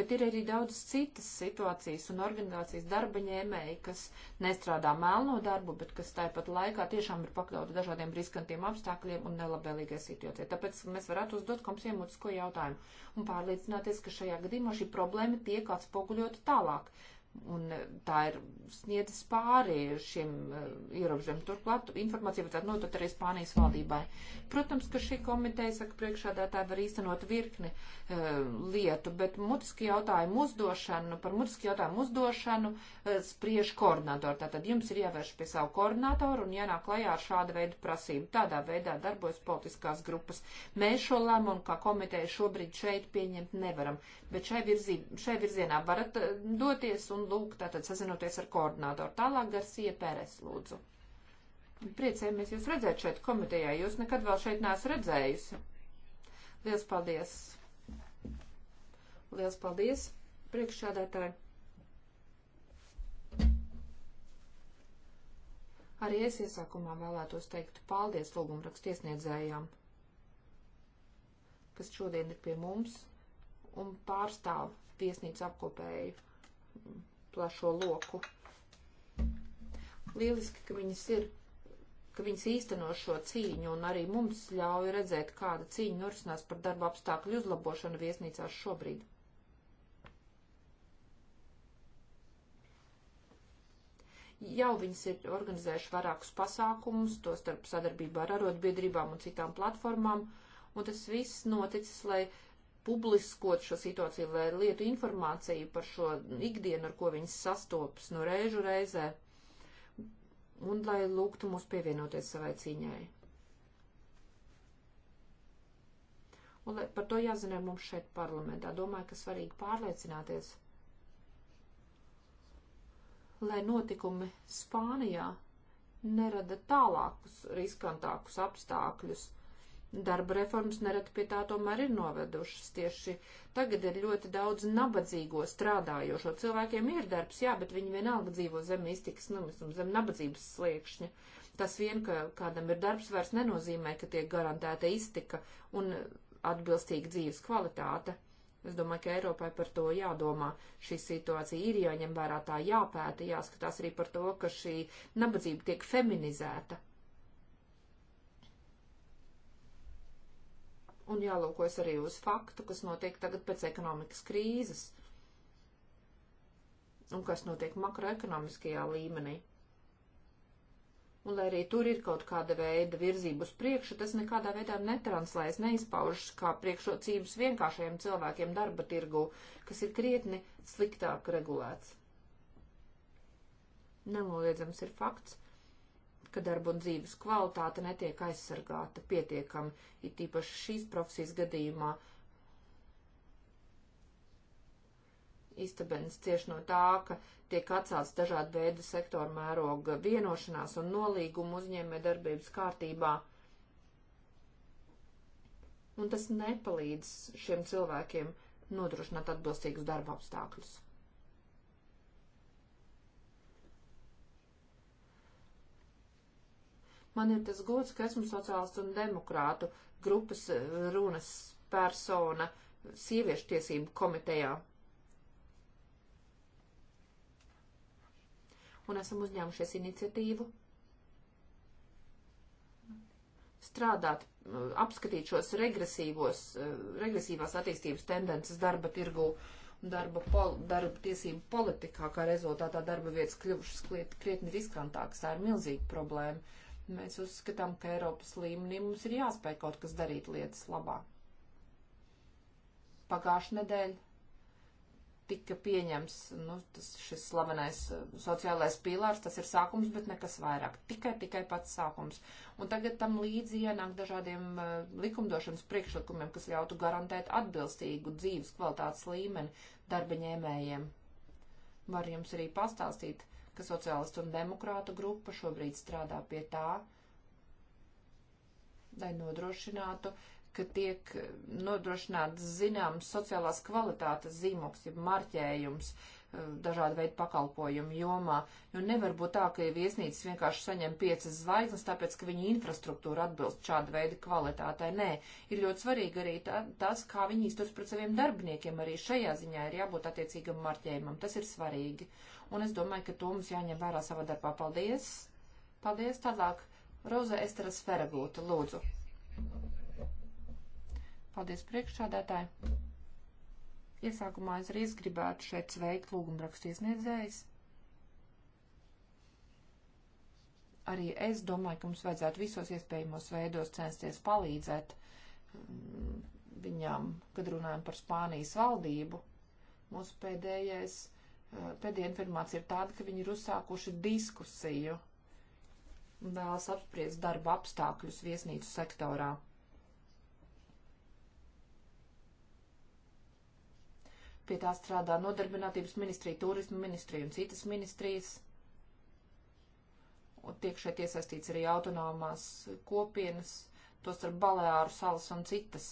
bet ir arī daudz citas situācijas un organizācijas darba ņēmēji, kas nestrādā melno darbu, bet kas tāpat laikā tiešām ir pakļauti dažādiem riskantiem apstākļiem un nelabvēlīgai situācijai. Tāpēc mēs varētu uzdot komisijai mutisko jautājumu un pārliecināties, ka šajā gadījumā šī problēma tiek atspoguļota tālāk Un tā ir sniedzis pāri šiem uh, eh, ierobežiem. Turklāt informācija vajadzētu notot arī Spānijas valdībai. Protams, ka šī komiteja, saka priekšādātāji, var īstenot virkni uh, lietu, bet mutiski jautājumu uzdošanu, par mutiski jautājumu uzdošanu uh, spriež koordinātori. Tātad jums ir jāvērš pie savu koordinātoru un jānāk klajā ar šādu veidu prasību. Tādā veidā darbojas politiskās grupas. Mēs šo lēmumu kā komiteja šobrīd šeit pieņemt nevaram bet šai, virzī, šai virzienā varat eh, doties un lūk, tātad sazinoties ar koordinātoru. Tālāk Garcija Pēres lūdzu. Priecējamies jūs redzēt šeit komitejā, jūs nekad vēl šeit neesat redzējusi. Liels paldies! Liels paldies, priekšsādātāji! Arī es iesākumā vēlētos teikt paldies lūgumrakstiesniedzējām, kas šodien ir pie mums un pārstāv viesnīcu apkopēju mm, plašo loku. Lieliski, ka viņas ir, ka viņas īsteno šo cīņu un arī mums ļauj redzēt, kāda cīņa norisinās par darba apstākļu uzlabošanu viesnīcās šobrīd. Jau viņas ir organizējuši vairākus pasākumus, to starp sadarbībā ar arotbiedrībām un citām platformām, un tas viss noticis, lai uh, publiskot šo situāciju vai lietu informāciju par šo ikdienu, ar ko viņas sastopas no reižu reizē, un lai lūgtu mūs pievienoties savai cīņai. Un lai, par to jāzina mums šeit parlamentā. Domāju, ka svarīgi pārliecināties, lai notikumi Spānijā nerada tālākus riskantākus apstākļus Darba reformas nereti pie tā tomēr ir novedušas. Tieši tagad ir ļoti daudz nabadzīgo strādājošo. Cilvēkiem ir darbs, jā, bet viņi vienalga dzīvo zem iztikas nomisuma, zem nabadzības sliekšņa. Tas vien, ka kādam ir darbs, vairs nenozīmē, ka tiek garantēta iztika un atbilstīga dzīves kvalitāte. Es domāju, ka Eiropai par to jādomā. Šī situācija ir jāņem vērā, tā jāpēta, jāskatās arī par to, ka šī nabadzība tiek feminizēta un jālūkojas arī uz faktu, kas notiek tagad pēc ekonomikas krīzes un kas notiek makroekonomiskajā līmenī. Un lai arī tur ir kaut kāda veida virzība uz priekšu, tas nekādā veidā netranslēs, neizpaužas kā priekšrocības vienkāršajiem cilvēkiem darba tirgu, kas ir krietni sliktāk regulēts. Nenoliedzams ir fakts, ka darba un dzīves kvalitāte netiek aizsargāta pietiekami, it īpaši šīs profesijas gadījumā. Istabens cieši no tā, ka tiek atcelts dažādi veidi sektoru mēroga vienošanās un nolīgumu uzņēmē darbības kārtībā. Un tas nepalīdz šiem cilvēkiem nodrošināt atbilstīgus darba apstākļus. Man ir tas gods, ka esmu sociālistu un demokrātu grupas eh, runas persona sieviešu tiesību komitejā. Un esam uzņēmušies iniciatīvu strādāt, eh, apskatīt šos regresīvos, eh, regresīvās attīstības tendences darba tirgu un darba, pol, darba tiesību politikā, kā rezultātā darba vietas kļuvušas krietni riskantākas. Tā ir milzīga problēma Mēs uzskatām, ka Eiropas līmenī mums ir jāspēj kaut kas darīt lietas labā. Pagājušā nedēļa tika pieņems nu, tas, šis slavenais eh, sociālais pīlārs, tas ir sākums, bet nekas vairāk. Tikai, tikai pats sākums. Un tagad tam līdzi ienāk dažādiem uh, likumdošanas priekšlikumiem, kas ļautu garantēt atbilstīgu dzīves kvalitātes līmeni darba ņēmējiem. Var jums arī pastāstīt, ka sociālistu un demokrātu grupa šobrīd strādā pie tā, lai nodrošinātu, ka tiek nodrošināts zināms sociālās kvalitātes zīmoks, ja marķējums, uh, dažādu veidu pakalpojumu jomā. Jo nevar būt tā, ka viesnīcas vienkārši saņem piecas zvaigznes, tāpēc, ka viņa infrastruktūra atbilst šāda veida kvalitātei. Nē, ir ļoti svarīgi arī tā, tas, kā viņi izturas pret saviem darbiniekiem. Arī šajā ziņā ir jābūt attiecīgam marķējumam. Tas ir svarīgi. Un es domāju, ka to mums jāņem vērā savā darbā. Paldies! Paldies! Tālāk Roza Esteras Feregūta, lūdzu. Paldies priekšsādātāji! Iesākumā es arī gribētu šeit sveikt lūgumrakstu iesniedzējs. Arī es domāju, ka mums vajadzētu visos iespējamos veidos censties palīdzēt mm, viņām, kad runājam par Spānijas valdību. Mūsu pēdējais, eh, pēdējā informācija ir tāda, ka viņi ir uzsākuši diskusiju un vēlas apspriest darba apstākļus viesnīcu sektorā. Pie tā strādā nodarbinātības ministrija, turismu ministrija un citas ministrijas. Un tiek šeit iesaistīts arī autonomās kopienas, tos ar Balēāru salas un citas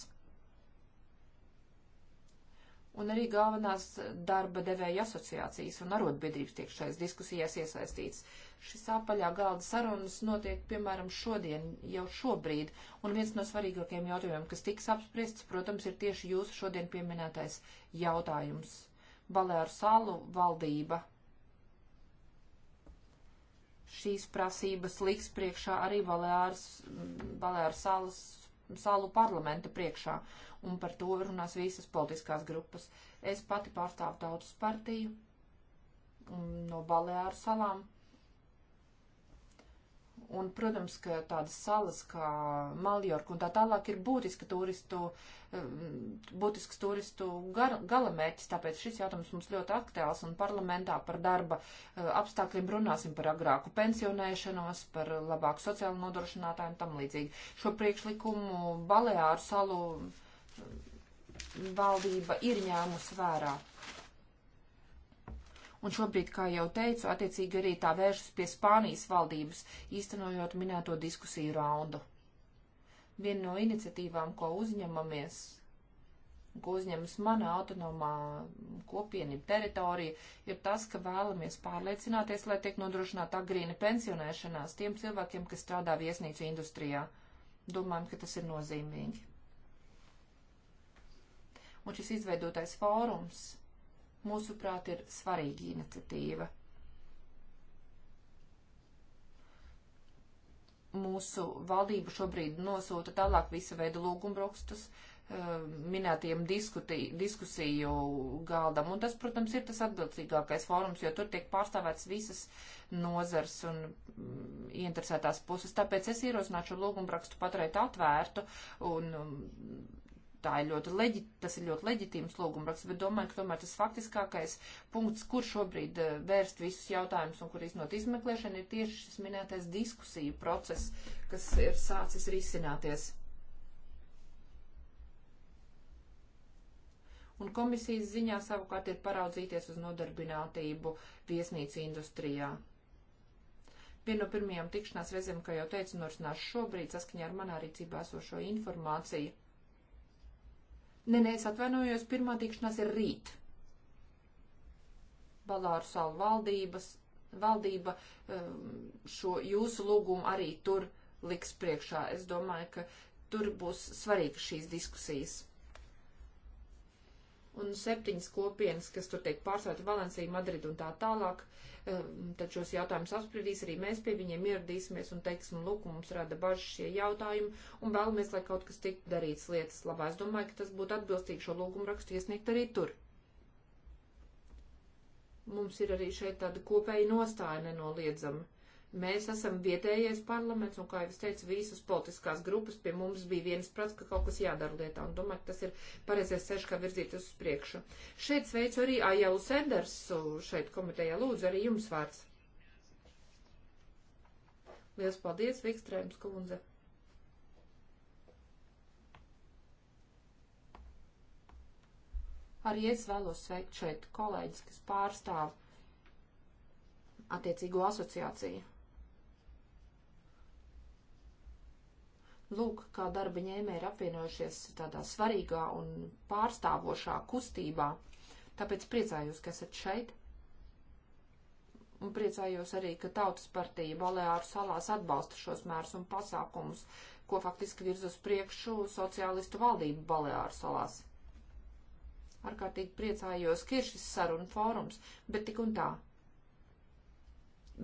un arī galvenās darba devēja asociācijas un arotbiedrības tiek šais diskusijās iesaistīts. Šis apaļā galda sarunas notiek, piemēram, šodien, jau šobrīd, un viens no svarīgākajiem jautājumiem, kas tiks apspriests, protams, ir tieši jūsu šodien pieminētais jautājums. Balēru salu valdība. Šīs prasības liks priekšā arī Balēru salas salu parlamenta priekšā, un par to runās visas politiskās grupas. Es pati pārstāvu tautas partiju no Balēāru salām. Un, protams, ka tādas salas kā Maljorka un tā tālāk ir būtiska turistu, eh, būtisks turistu gar, galamērķis, tāpēc šis jautājums mums ļoti aktuāls un parlamentā par darba eh, apstākļiem runāsim par agrāku pensionēšanos, par labāku sociālu nodrošinātāju un tam līdzīgi. Šo priekšlikumu Baleāru salu eh, valdība ir ņēmusi vērā un šobrīd, kā jau teicu, attiecīgi arī tā vēršas pie Spānijas valdības, īstenojot minēto diskusiju raundu. Viena no iniciatīvām, ko uzņemamies, ko uzņemas mana autonomā kopiena teritorija, ir tas, ka vēlamies pārliecināties, lai tiek nodrošināta agrīna pensionēšanās tiem cilvēkiem, kas strādā viesnīcu industrijā. Domājam, ka tas ir nozīmīgi. Un šis izveidotais fórums mūsuprāt, ir svarīga iniciatīva. Mūsu valdība šobrīd nosūta tālāk visu veidu lūgumbrakstus eh, minētajiem diskusiju galdam. Un tas, protams, ir tas atbildīgākais fórums, jo tur tiek pārstāvēts visas nozars un ieinteresētās mm, puses. Tāpēc es ierosināšu lūgumrakstu paturēt atvērtu un mm, tā ir ļoti leģit, tas ir ļoti leģitīms lūgumraksts, bet domāju, ka tomēr tas faktiskākais punkts, kur šobrīd eh, vērst visus jautājumus un kur iznot izmeklēšana, ir tieši šis minētais diskusiju process, kas ir sācis risināties. Un komisijas ziņā savukārt ir paraudzīties uz nodarbinātību viesnīcu industrijā. Viena no pirmajām tikšanās reizēm, kā jau teicu, norisinās šobrīd saskaņā ar manā rīcībā esošo informāciju Nē, nē, es atvainojos, pirmā tikšanās ir rīt. Balāru salu valdības, valdība um, šo jūsu lūgumu arī tur liks priekšā. Es domāju, ka tur būs svarīga šīs diskusijas un septiņas kopienas, kas tur tiek pārstāvēta Valencija, Madrid un tā tālāk. Tad šos jautājumus apspriedīs arī mēs pie viņiem ieradīsimies un teiksim, lūk, mums rada bažas šie jautājumi un vēlamies, lai kaut kas tiktu darīts lietas labā. Es domāju, ka tas būtu atbilstīgi šo lūgumu rakstu iesniegt arī tur. Mums ir arī šeit tāda kopēja nostāja nenoliedzama Mēs esam vietējais parlaments, un, kā jau es teicu, visas politiskās grupas pie mums bija viens prats, ka kaut kas jādara lietā, un domāju, ka tas ir pareizais ceļš, kā virzīties uz priekšu. Šeit sveicu arī Ajalu Sendersu, šeit komitejā lūdzu arī jums vārds. Lielas paldies, Vikstrēms kundze! Arī es vēlos sveikt šeit kolēģis, kas pārstāv attiecīgo asociāciju. Lūk, kā darba ņēmēji ir apvienojušies tādā svarīgā un pārstāvošā kustībā. Tāpēc priecājos, ka esat šeit. Un priecājos arī, ka Tautas partija Balēāru salās atbalsta šos mērs un pasākumus, ko faktiski virz uz priekšu sociālistu valdību Balēāru salās. Arkārtīgi priecājos, ka ir šis saruna fórums, bet tik un tā.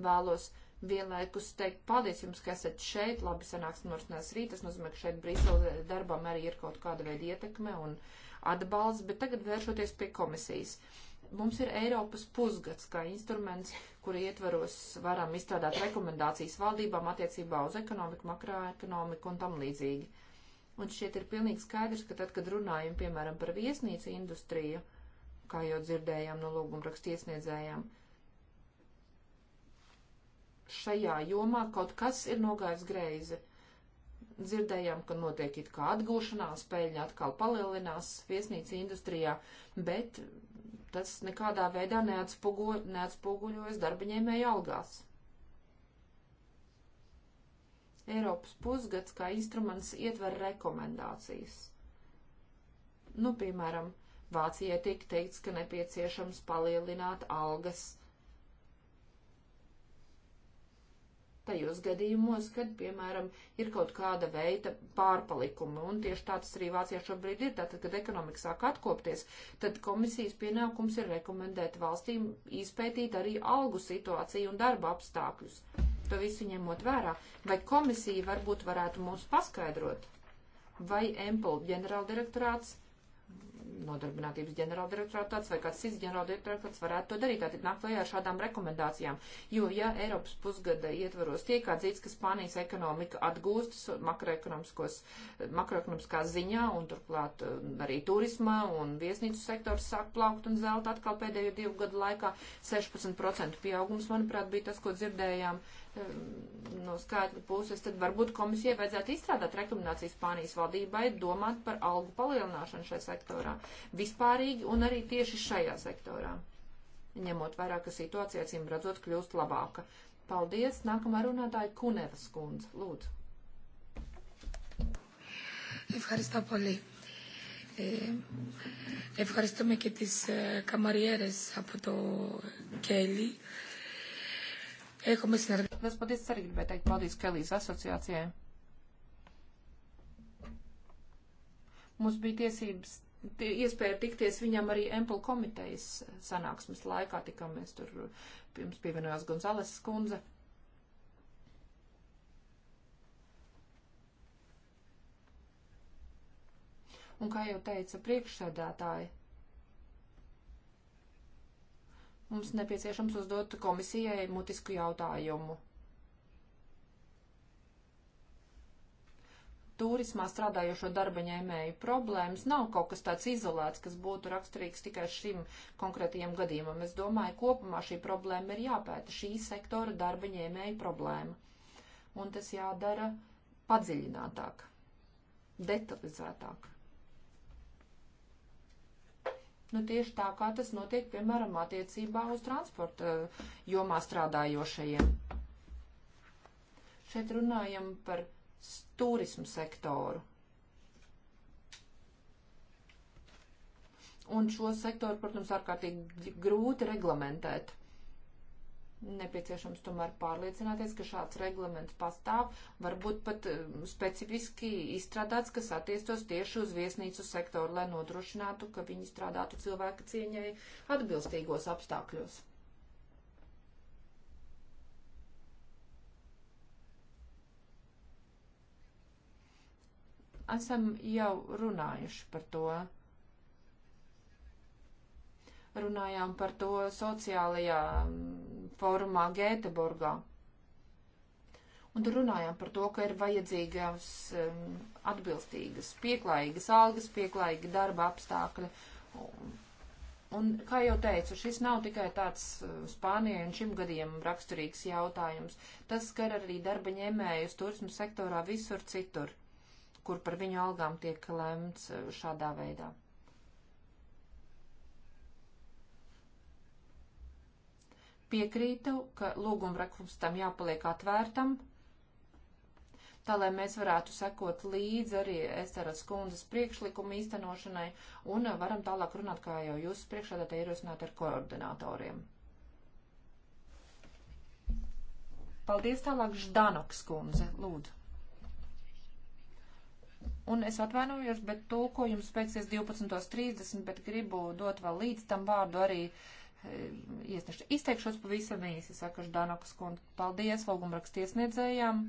Vēlos vienlaikus teikt paldies jums, ka esat šeit, labi sanāksim norisinās rīt, tas nozīmē, ka šeit Brīselē darbam arī ir kaut kāda veida ietekme un atbalsts, bet tagad vēršoties pie komisijas. Mums ir Eiropas pusgads kā instruments, kura ietveros varam izstrādāt rekomendācijas valdībām attiecībā uz ekonomiku, makroekonomiku un tam līdzīgi. Un šeit ir pilnīgi skaidrs, ka tad, kad runājam, piemēram, par viesnīcu industriju, kā jau dzirdējām no lūgumrakstu iesniedzējām, šajā jomā kaut kas ir nogājis greizi. Dzirdējām, ka notiek it kā atgūšanās, peļņa atkal palielinās viesnīca industrijā, bet tas nekādā veidā neatspogu, neatspoguļojas darbaņēmēju algās. Eiropas pusgads kā instruments ietver rekomendācijas. Nu, piemēram, Vācijai tika teikts, ka nepieciešams palielināt algas tajos gadījumos, kad, piemēram, ir kaut kāda veida pārpalikumi. Un tieši tā tas arī Vācijā šobrīd ir. Tātad, kad ekonomika sāk atkopties, tad komisijas pienākums ir rekomendēt valstīm izpētīt arī algu situāciju un darba apstākļus. To visu ņemot vērā. Vai komisija varbūt varētu mums paskaidrot? Vai Empel ģenerāldirektorāts? nodarbinātības ģenerāldirektorāts vai kāds cits ģenerāldirektorāts varētu to darīt, tātad nāk klajā ar šādām rekomendācijām. Jo, ja Eiropas pusgada ietvaros tiek atzīts, ka Spānijas ekonomika atgūstas makroekonomiskā ziņā un turklāt um, arī turisma un viesnīcu sektors sāk plaukt un zelta atkal pēdējo divu gadu laikā 16% pieaugums, manuprāt, bija tas, ko dzirdējām Ehm, no skaitļu puses, tad varbūt komisijai vajadzētu izstrādāt rekomendācijas Spānijas valdībai domāt par algu palielināšanu šajā sektorā vispārīgi un arī tieši šajā sektorā, ņemot vairāk, ka situācija acīm redzot kļūst labāka. Paldies! Nākamā runātāja Kunevas kundze. Lūdzu! Ευχαριστώ πολύ. Ε, ευχαριστούμε και τις ε, καμαριέρες από το Κέλλη. Ε, Έχουμε συνεργασία. Liels paldies, es arī gribēju teikt paldies Kelijas asociācijai. Mums bija tiesības, tie, iespēja tikties viņam arī Empel komitejas sanāksmes laikā, tikāmies tur, pirms pievienojās Gonzales skundze. Un kā jau teica priekšsēdētāji, mums nepieciešams uzdot komisijai mutisku jautājumu. Turismā strādājošo darba ņēmēju problēmas nav kaut kas tāds izolēts, kas būtu raksturīgs tikai šim konkrētajam gadījumam. Es domāju, kopumā šī problēma ir jāpēta, šī sektora darba ņēmēju problēma. Un tas jādara padziļinātāk, detalizētāk. Nu, tieši tā, kā tas notiek, piemēram, attiecībā uz transporta eh, jomā strādājošajiem. Šeit runājam par turismu sektoru. Un šo sektoru, protams, ārkārtīgi grūti reglamentēt nepieciešams tomēr pārliecināties, ka šāds reglaments pastāv, varbūt pat um, specifiski izstrādāts, kas attiestos tieši uz viesnīcu sektoru, lai nodrošinātu, ka viņi strādātu cilvēka cieņai atbilstīgos apstākļos. Esam jau runājuši par to runājām par to sociālajā mm, fórumā Gēteburgā. Un tur runājām par to, ka ir vajadzīgas um, mm, atbilstīgas, pieklājīgas algas, pieklājīga darba apstākļi. Un, un, kā jau teicu, šis nav tikai tāds mm, Spānijai un šim gadījumam raksturīgs jautājums. Tas skar arī darba ņēmējus turismu sektorā visur citur, kur par viņu algām tiek lemts šādā veidā. Piekrītu, ka lūgumrakums tam jāpaliek atvērtam, tā lai mēs varētu sekot līdzi arī Esteras kundzes priekšlikumu īstenošanai un varam tālāk runāt, kā jau jūs priekšādātē ierosināt ar koordinatoriem. Paldies tālāk Ždanoks kundze, lūdzu. Un es atvainojos, bet tulkojums beigsies 12.30, bet gribu dot vēl līdz tam vārdu arī uh, Eh, iesniegšu. Izteikšos pavisam īsi, saka Ždanokas kundze. Paldies lūgumrakstu iesniedzējām.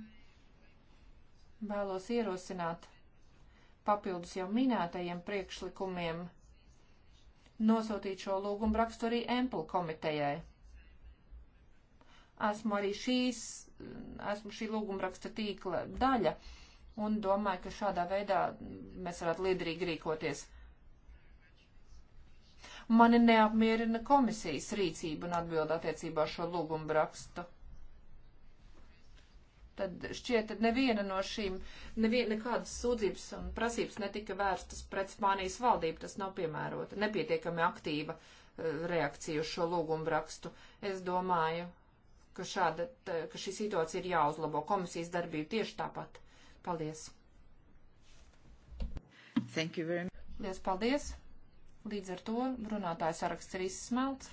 Vēlos ierosināt papildus jau minētajiem priekšlikumiem nosūtīt šo lūgumrakstu arī Empel komitejai. Esmu arī šīs, esmu šī lūgumraksta tīkla daļa un domāju, ka šādā veidā mēs varētu liederīgi rīkoties. Mani neapmierina komisijas rīcība un atbilda attiecībā šo lūgumu rakstu. Tad šķiet, ka neviena no šīm, neviena nekādas sūdzības un prasības netika vērstas pret Spānijas valdību. Tas nav piemērota, nepietiekami aktīva eh, reakcija uz šo lūgumu rakstu. Es domāju, ka, šāda, ka šī situācija ir jāuzlabo. Komisijas darbība tieši tāpat. Paldies! Thank you very much. Liels paldies! Līdz ar to runātāja saraksts ir izsmelts.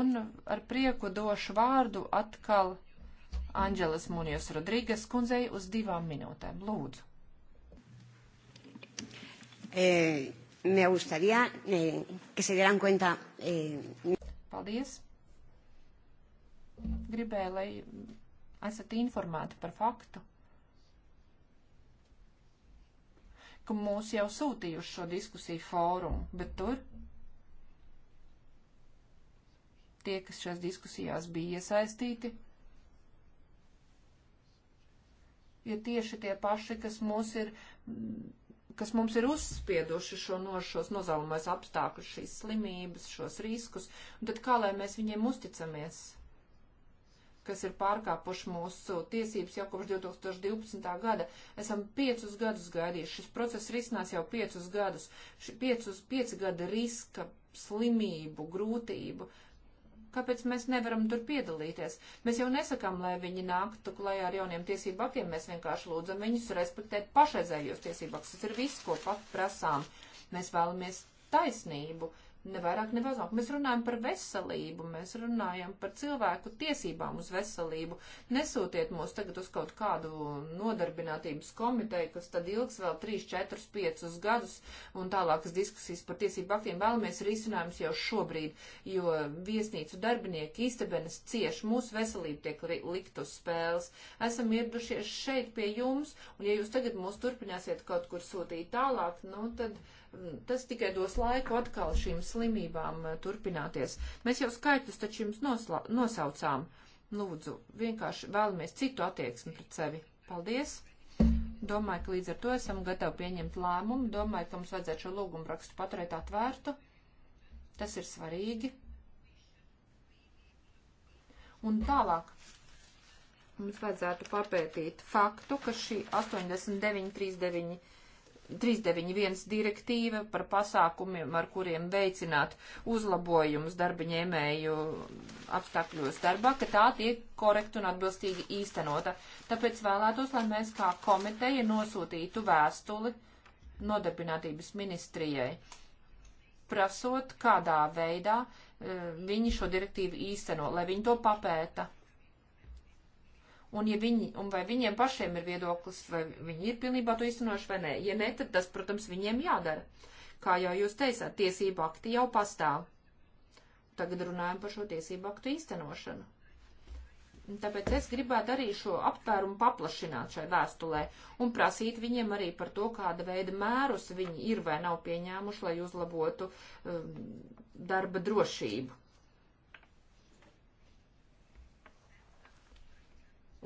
Un ar prieku došu vārdu atkal Anģeles Munijas Rodrīgas kundzei uz divām minūtēm. Lūdzu. E, me gustaría e, que se dieran cuenta. E... Paldies. Gribēju, lai esat informēti par faktu, ka mūs jau sūtīja uz šo diskusiju fórumu, bet tur tie, kas šajās diskusijās bija iesaistīti, ir tieši tie paši, kas mūs ir kas mums ir uzspieduši šo no šos nozaumais apstākļus, šīs slimības, šos riskus, un tad kā lai mēs viņiem uzticamies? kas ir pārkāpuši mūsu tiesības jau kopš 2012. gada. Esam piecus gadus gaidījuši. Šis process risinās jau piecus gadus. Ši piecus, pieci gada riska, slimību, grūtību. Kāpēc mēs nevaram tur piedalīties? Mēs jau nesakām, lai viņi nāktu klajā ar jauniem tiesību aktiem, mēs vienkārši lūdzam viņus respektēt pašreizējos tiesību aktus. Tas ir viss, ko pat prasām. Mēs vēlamies taisnību Nevairāk, nevazāk. Mēs runājam par veselību, mēs runājam par cilvēku tiesībām uz veselību. Nesūtiet mūs tagad uz kaut kādu nodarbinātības komiteju, kas tad ilgs vēl 3, 4, 5 gadus un tālākas diskusijas par tiesību aktiem. Vēlamies risinājums jau šobrīd, jo viesnīcu darbinieki istabenes cieš, mūsu veselība tiek li likt uz spēles. Esam ieradušies šeit pie jums, un ja jūs tagad mūs turpināsiet kaut kur sūtīt tālāk, nu tad tas tikai dos laiku atkal šīm slimībām eh, turpināties. Mēs jau skaitļus taču jums nosla, nosaucām. Nu, lūdzu, vienkārši vēlamies citu attieksmi pret sevi. Paldies! Domāju, ka līdz ar to esam gatavi pieņemt lēmumu. Domāju, ka mums vajadzētu šo lūgumu rakstu paturēt atvērtu. Tas ir svarīgi. Un tālāk mums vajadzētu papētīt faktu, ka šī 8939 391 direktīva par pasākumiem, ar kuriem veicināt uzlabojumus darba ņēmēju apstākļos darbā, ka tā tiek korekta un atbilstīgi īstenota. Tāpēc vēlētos, lai mēs kā komiteja nosūtītu vēstuli nodarbinātības ministrijai, prasot, kādā veidā eh, viņi šo direktīvu īsteno, lai viņi to papēta un, ja viņi, un vai viņiem pašiem ir viedoklis, vai viņi ir pilnībā to īstenojuši vai nē. Ja nē, tad tas, protams, viņiem jādara. Kā jau jūs teicāt, tiesība akti jau pastāv. Tagad runājam par šo tiesību aktu īstenošanu. Tāpēc es gribētu arī šo aptvērumu paplašināt šai vēstulē un prasīt viņiem arī par to, kāda veida mērus viņi ir vai nav pieņēmuši, lai uzlabotu um, darba drošību.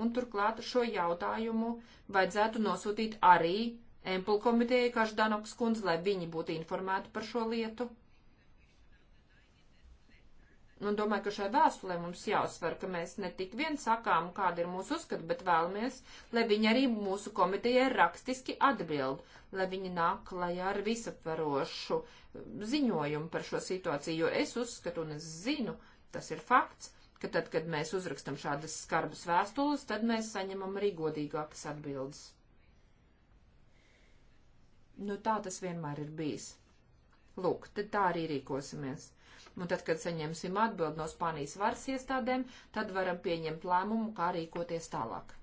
un turklāt šo jautājumu vajadzētu nosūtīt arī Empul komitejai Každanoks kundze, lai viņi būtu informēti par šo lietu. Un domāju, ka šai vēstulē mums jāuzsver, ka mēs ne tik vien sakām, kāda ir mūsu uzskata, bet vēlamies, lai viņi arī mūsu komitejai rakstiski atbild, lai viņi nāk klajā ar visaptvarošu ziņojumu par šo situāciju, jo es uzskatu un es zinu, tas ir fakts, ka tad, kad mēs uzrakstam šādas skarbas vēstules, tad mēs saņemam arī godīgākas atbildes. Nu, tā tas vienmēr ir bijis. Lūk, tad tā arī rīkosimies. Un tad, kad saņemsim atbildi no Spānijas varas iestādēm, tad varam pieņemt lēmumu, kā rīkoties tālāk.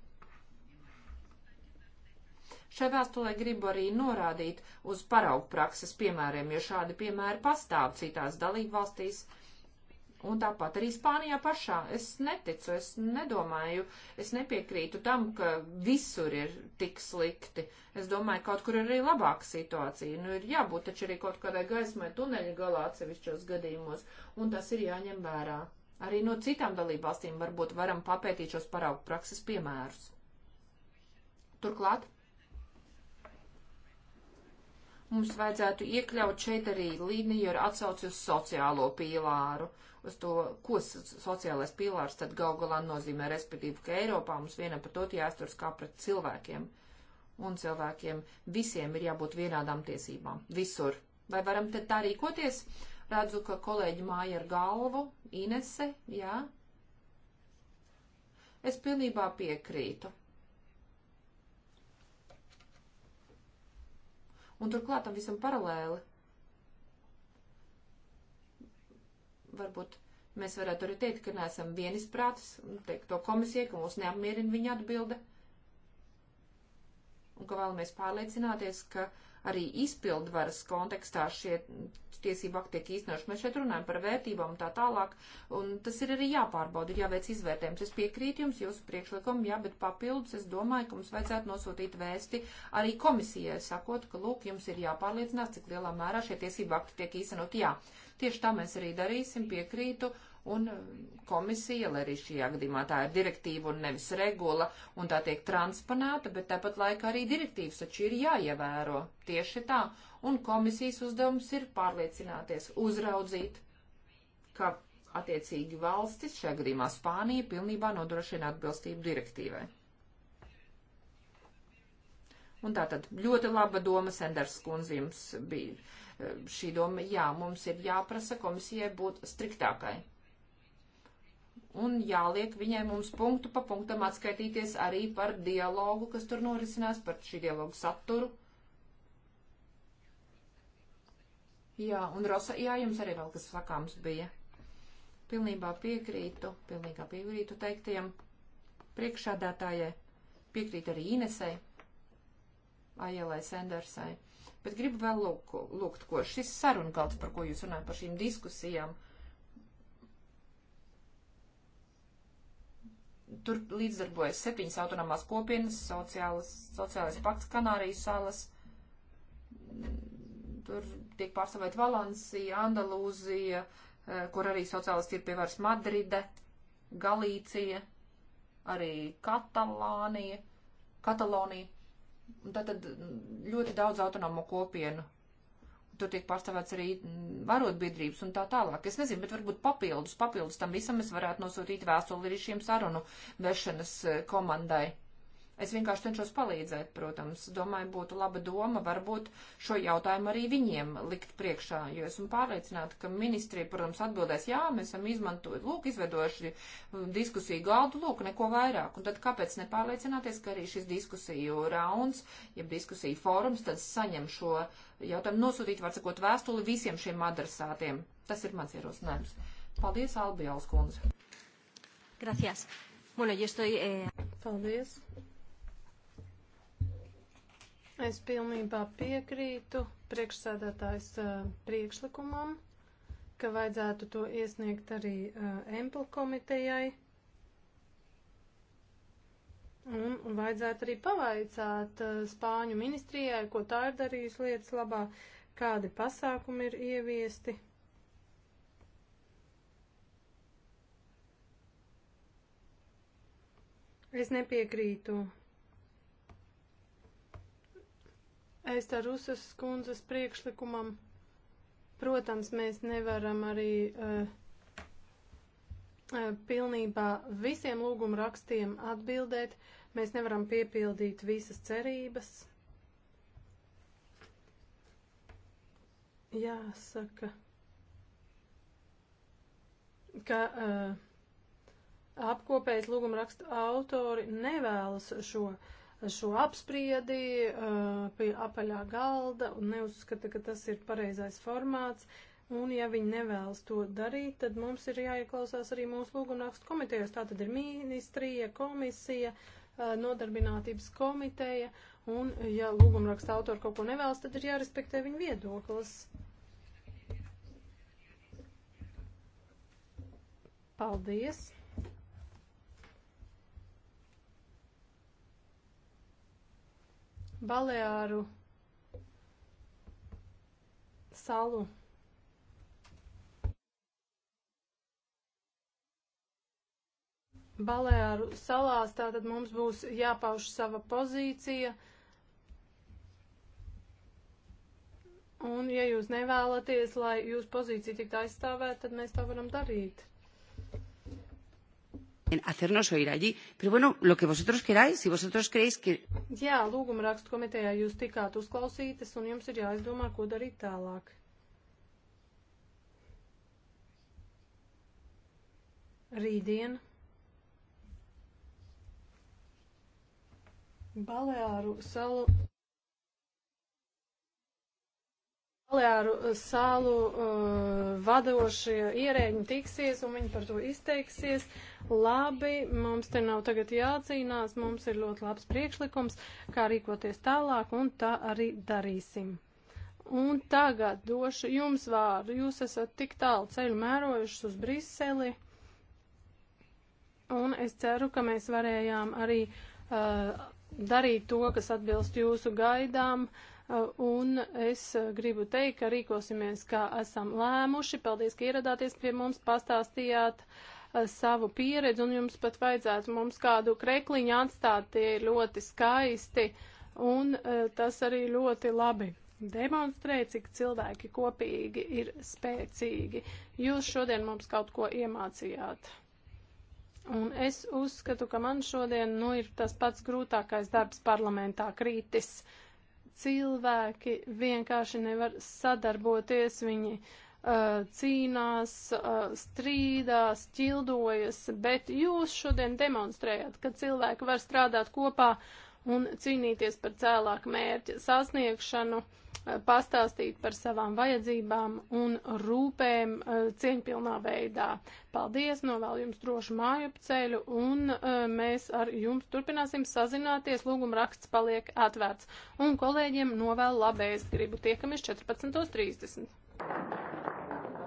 Šai vēstulē gribu arī norādīt uz paraugu prakses piemēriem, jo šādi piemēri pastāv citās dalībvalstīs valstīs Un tāpat arī Spānijā pašā. Es neticu, es nedomāju, es nepiekrītu tam, ka visur ir tik slikti. Es domāju, kaut kur ir arī labāka situācija. Nu, ir jābūt taču arī kaut kādai gaismai tuneļa galā atsevišķos gadījumos, un tas ir jāņem vērā. Arī no citām dalībvalstīm varbūt varam papētīt šos paraugu prakses piemērus. Turklāt mums vajadzētu iekļaut šeit arī līniju ar atsauci uz sociālo pīlāru. Uh, uz to, ko sociālais pīlārs tad gal galā nozīmē, respektīvi, ka Eiropā mums vienam par to jāsturs kā pret cilvēkiem. Un cilvēkiem visiem ir jābūt vienādām tiesībām. Visur. Vai varam te tā rīkoties? Redzu, ka kolēģi māja ar galvu, Inese, jā. Es pilnībā piekrītu. Un turklāt tam visam paralēli varbūt mēs varētu arī teikt, ka neesam vienisprātis, teikt to komisijai, ka mūs neapmierina viņa atbilde, un ka vēlamies pārliecināties, ka arī izpildvaras kontekstā šie tiesību akti tiek īstenoši. Mēs šeit runājam par vērtībām un tā tālāk, un tas ir arī jāpārbauda, ir jāveic izvērtējums. Es piekrītu jums, jūsu priekšlikumu, jā, bet papildus es domāju, ka mums vajadzētu nosūtīt vēsti arī komisijai, sakot, ka, lūk, jums ir jāpārliecinās, cik lielā mērā šie tiesību akti tiek īstenot. Jā, Tieši tā mēs arī darīsim, piekrītu, un komisija, lai arī šajā gadījumā tā ir direktīva un nevis regula, un tā tiek transponēta, bet tāpat laikā arī direktīvas taču ir jāievēro. Tieši tā. Un komisijas uzdevums ir pārliecināties, uzraudzīt, ka attiecīgi valstis, šajā gadījumā Spānija, pilnībā nodrošina atbilstību direktīvai. Un tātad ļoti laba doma Senders kundze jums bija šī doma, jā, mums ir jāprasa komisijai būt striktākai. Un jāliek viņai mums punktu pa punktam atskaitīties arī par dialogu, kas tur norisinās, par šī dialogu saturu. Jā, un Rosa, jā, jums arī vēl kas sakāms bija. Pilnībā piekrītu, pilnībā piekrītu teiktajam priekšādātājai, piekrīt arī Inesei, Ajelai Sendersai. Bet gribu vēl lūk, lūgt, ko šis saruna galds, par ko jūs runājat par šīm diskusijām, tur līdzdarbojas septiņas autonomās kopienas, sociālas, sociālais pakts Kanārijas salas, tur tiek pārstāvēt Valancija, Andalūzija, eh, kur arī sociālisti ir pie varas Madride, Galīcija, arī Katalānija, Katalonija tātad ļoti daudz autonomo kopienu. Tur tiek pārstāvēts arī mm, varotbiedrības un tā tālāk. Es nezinu, bet varbūt papildus, papildus tam visam es varētu nosūtīt vēstuli arī šiem sarunu vešanas eh, komandai. Es vienkārši cenšos palīdzēt, protams. Domāju, būtu laba doma varbūt šo jautājumu arī viņiem likt priekšā, jo esmu pārliecināta, ka ministrija, protams, atbildēs, jā, mēs esam izmantojuši, lūk, izvedojuši mm, diskusiju galdu, lūk, neko vairāk. Un tad kāpēc nepārliecināties, ka arī šis diskusiju rauns, ja diskusiju fórums, tad saņem šo jautājumu nosūtīt, var sakot, vēstuli visiem šiem adresātiem. Tas ir mans ierosinājums. Paldies, Albi Alskundze. Gracias. Bueno, yo estoy... Eh... Paldies. Es pilnībā piekrītu priekšsēdētājs priekšlikumam, ka vajadzētu to iesniegt arī Empel komitejai. Un vajadzētu arī pavaicāt Spāņu ministrijai, ko tā ir darījusi lietas labā, kādi pasākumi ir ieviesti. Es nepiekrītu Es ar Rusas skundzes priekšlikumam, protams, mēs nevaram arī uh, uh, pilnībā visiem lūguma rakstiem atbildēt. Mēs nevaram piepildīt visas cerības. Jāsaka, ka uh, eh, apkopējas lūguma rakstu autori nevēlas šo uh, šo apspriedi eh, pie apaļā galda un neuzskata, ka tas ir pareizais formāts. Un, ja viņi nevēlas to darīt, tad mums ir jāieklausās arī mūsu lūgunākstu komitejos. Tā tad ir ministrija, komisija, eh, nodarbinātības komiteja, un, ja lūgumraksta autori kaut ko nevēlas, tad ir jārespektē viņa viedoklis. Paldies! Baleāru salu. Baleāru salās tātad mums būs jāpauž sava pozīcija. Un, ja jūs nevēlaties, lai jūsu pozīcija tiktu aizstāvēta, tad mēs tā varam darīt hacernos oír allí. Pero bueno, lo que vosotros queráis, si vosotros creéis que. Jā, lūguma rakstu komitejā jūs tikāt uzklausītas un jums ir jāizdomā, ko darīt tālāk. Rītdien. Baleāru salu. Baleāru eh, salu uh, vadošie ierēģi tiksies un viņi par to izteiksies. Labi, mums te nav tagad jācīnās, mums ir ļoti labs priekšlikums, kā rīkoties tālāk, un tā arī darīsim. Un tagad došu jums vārdu. Jūs esat tik tālu ceļu mērojušas uz Briseli, un es ceru, ka mēs varējām arī uh, darīt to, kas atbilst jūsu gaidām. Uh, Un es gribu teikt, ka rīkosimies, kā esam lēmuši. Paldies, ka ieradāties pie mums, pastāstījāt uh, savu pieredzi, un jums pat vajadzētu mums kādu krekliņu atstāt, tie ir ļoti skaisti, un uh, tas arī ļoti labi demonstrē, cik cilvēki kopīgi ir spēcīgi. Jūs šodien mums kaut ko iemācījāt. Un es uzskatu, ka man šodien nu, ir tas pats grūtākais darbs parlamentā krītis. Uh, cilvēki vienkārši nevar sadarboties, viņi uh, cīnās, uh, strīdās, ķildojas, bet jūs šodien demonstrējat, ka cilvēki var strādāt kopā un cīnīties par cēlāku mērķu sasniegšanu. Uh, pastāstīt par savām vajadzībām un rūpēm eh, cieņpilnā veidā. Paldies, novēlu jums drošu māju ceļu un eh, mēs ar jums turpināsim sazināties. Lūguma raksts paliek atvērts. Un kolēģiem novēlu labējas gribu. Tiekamies 14.30.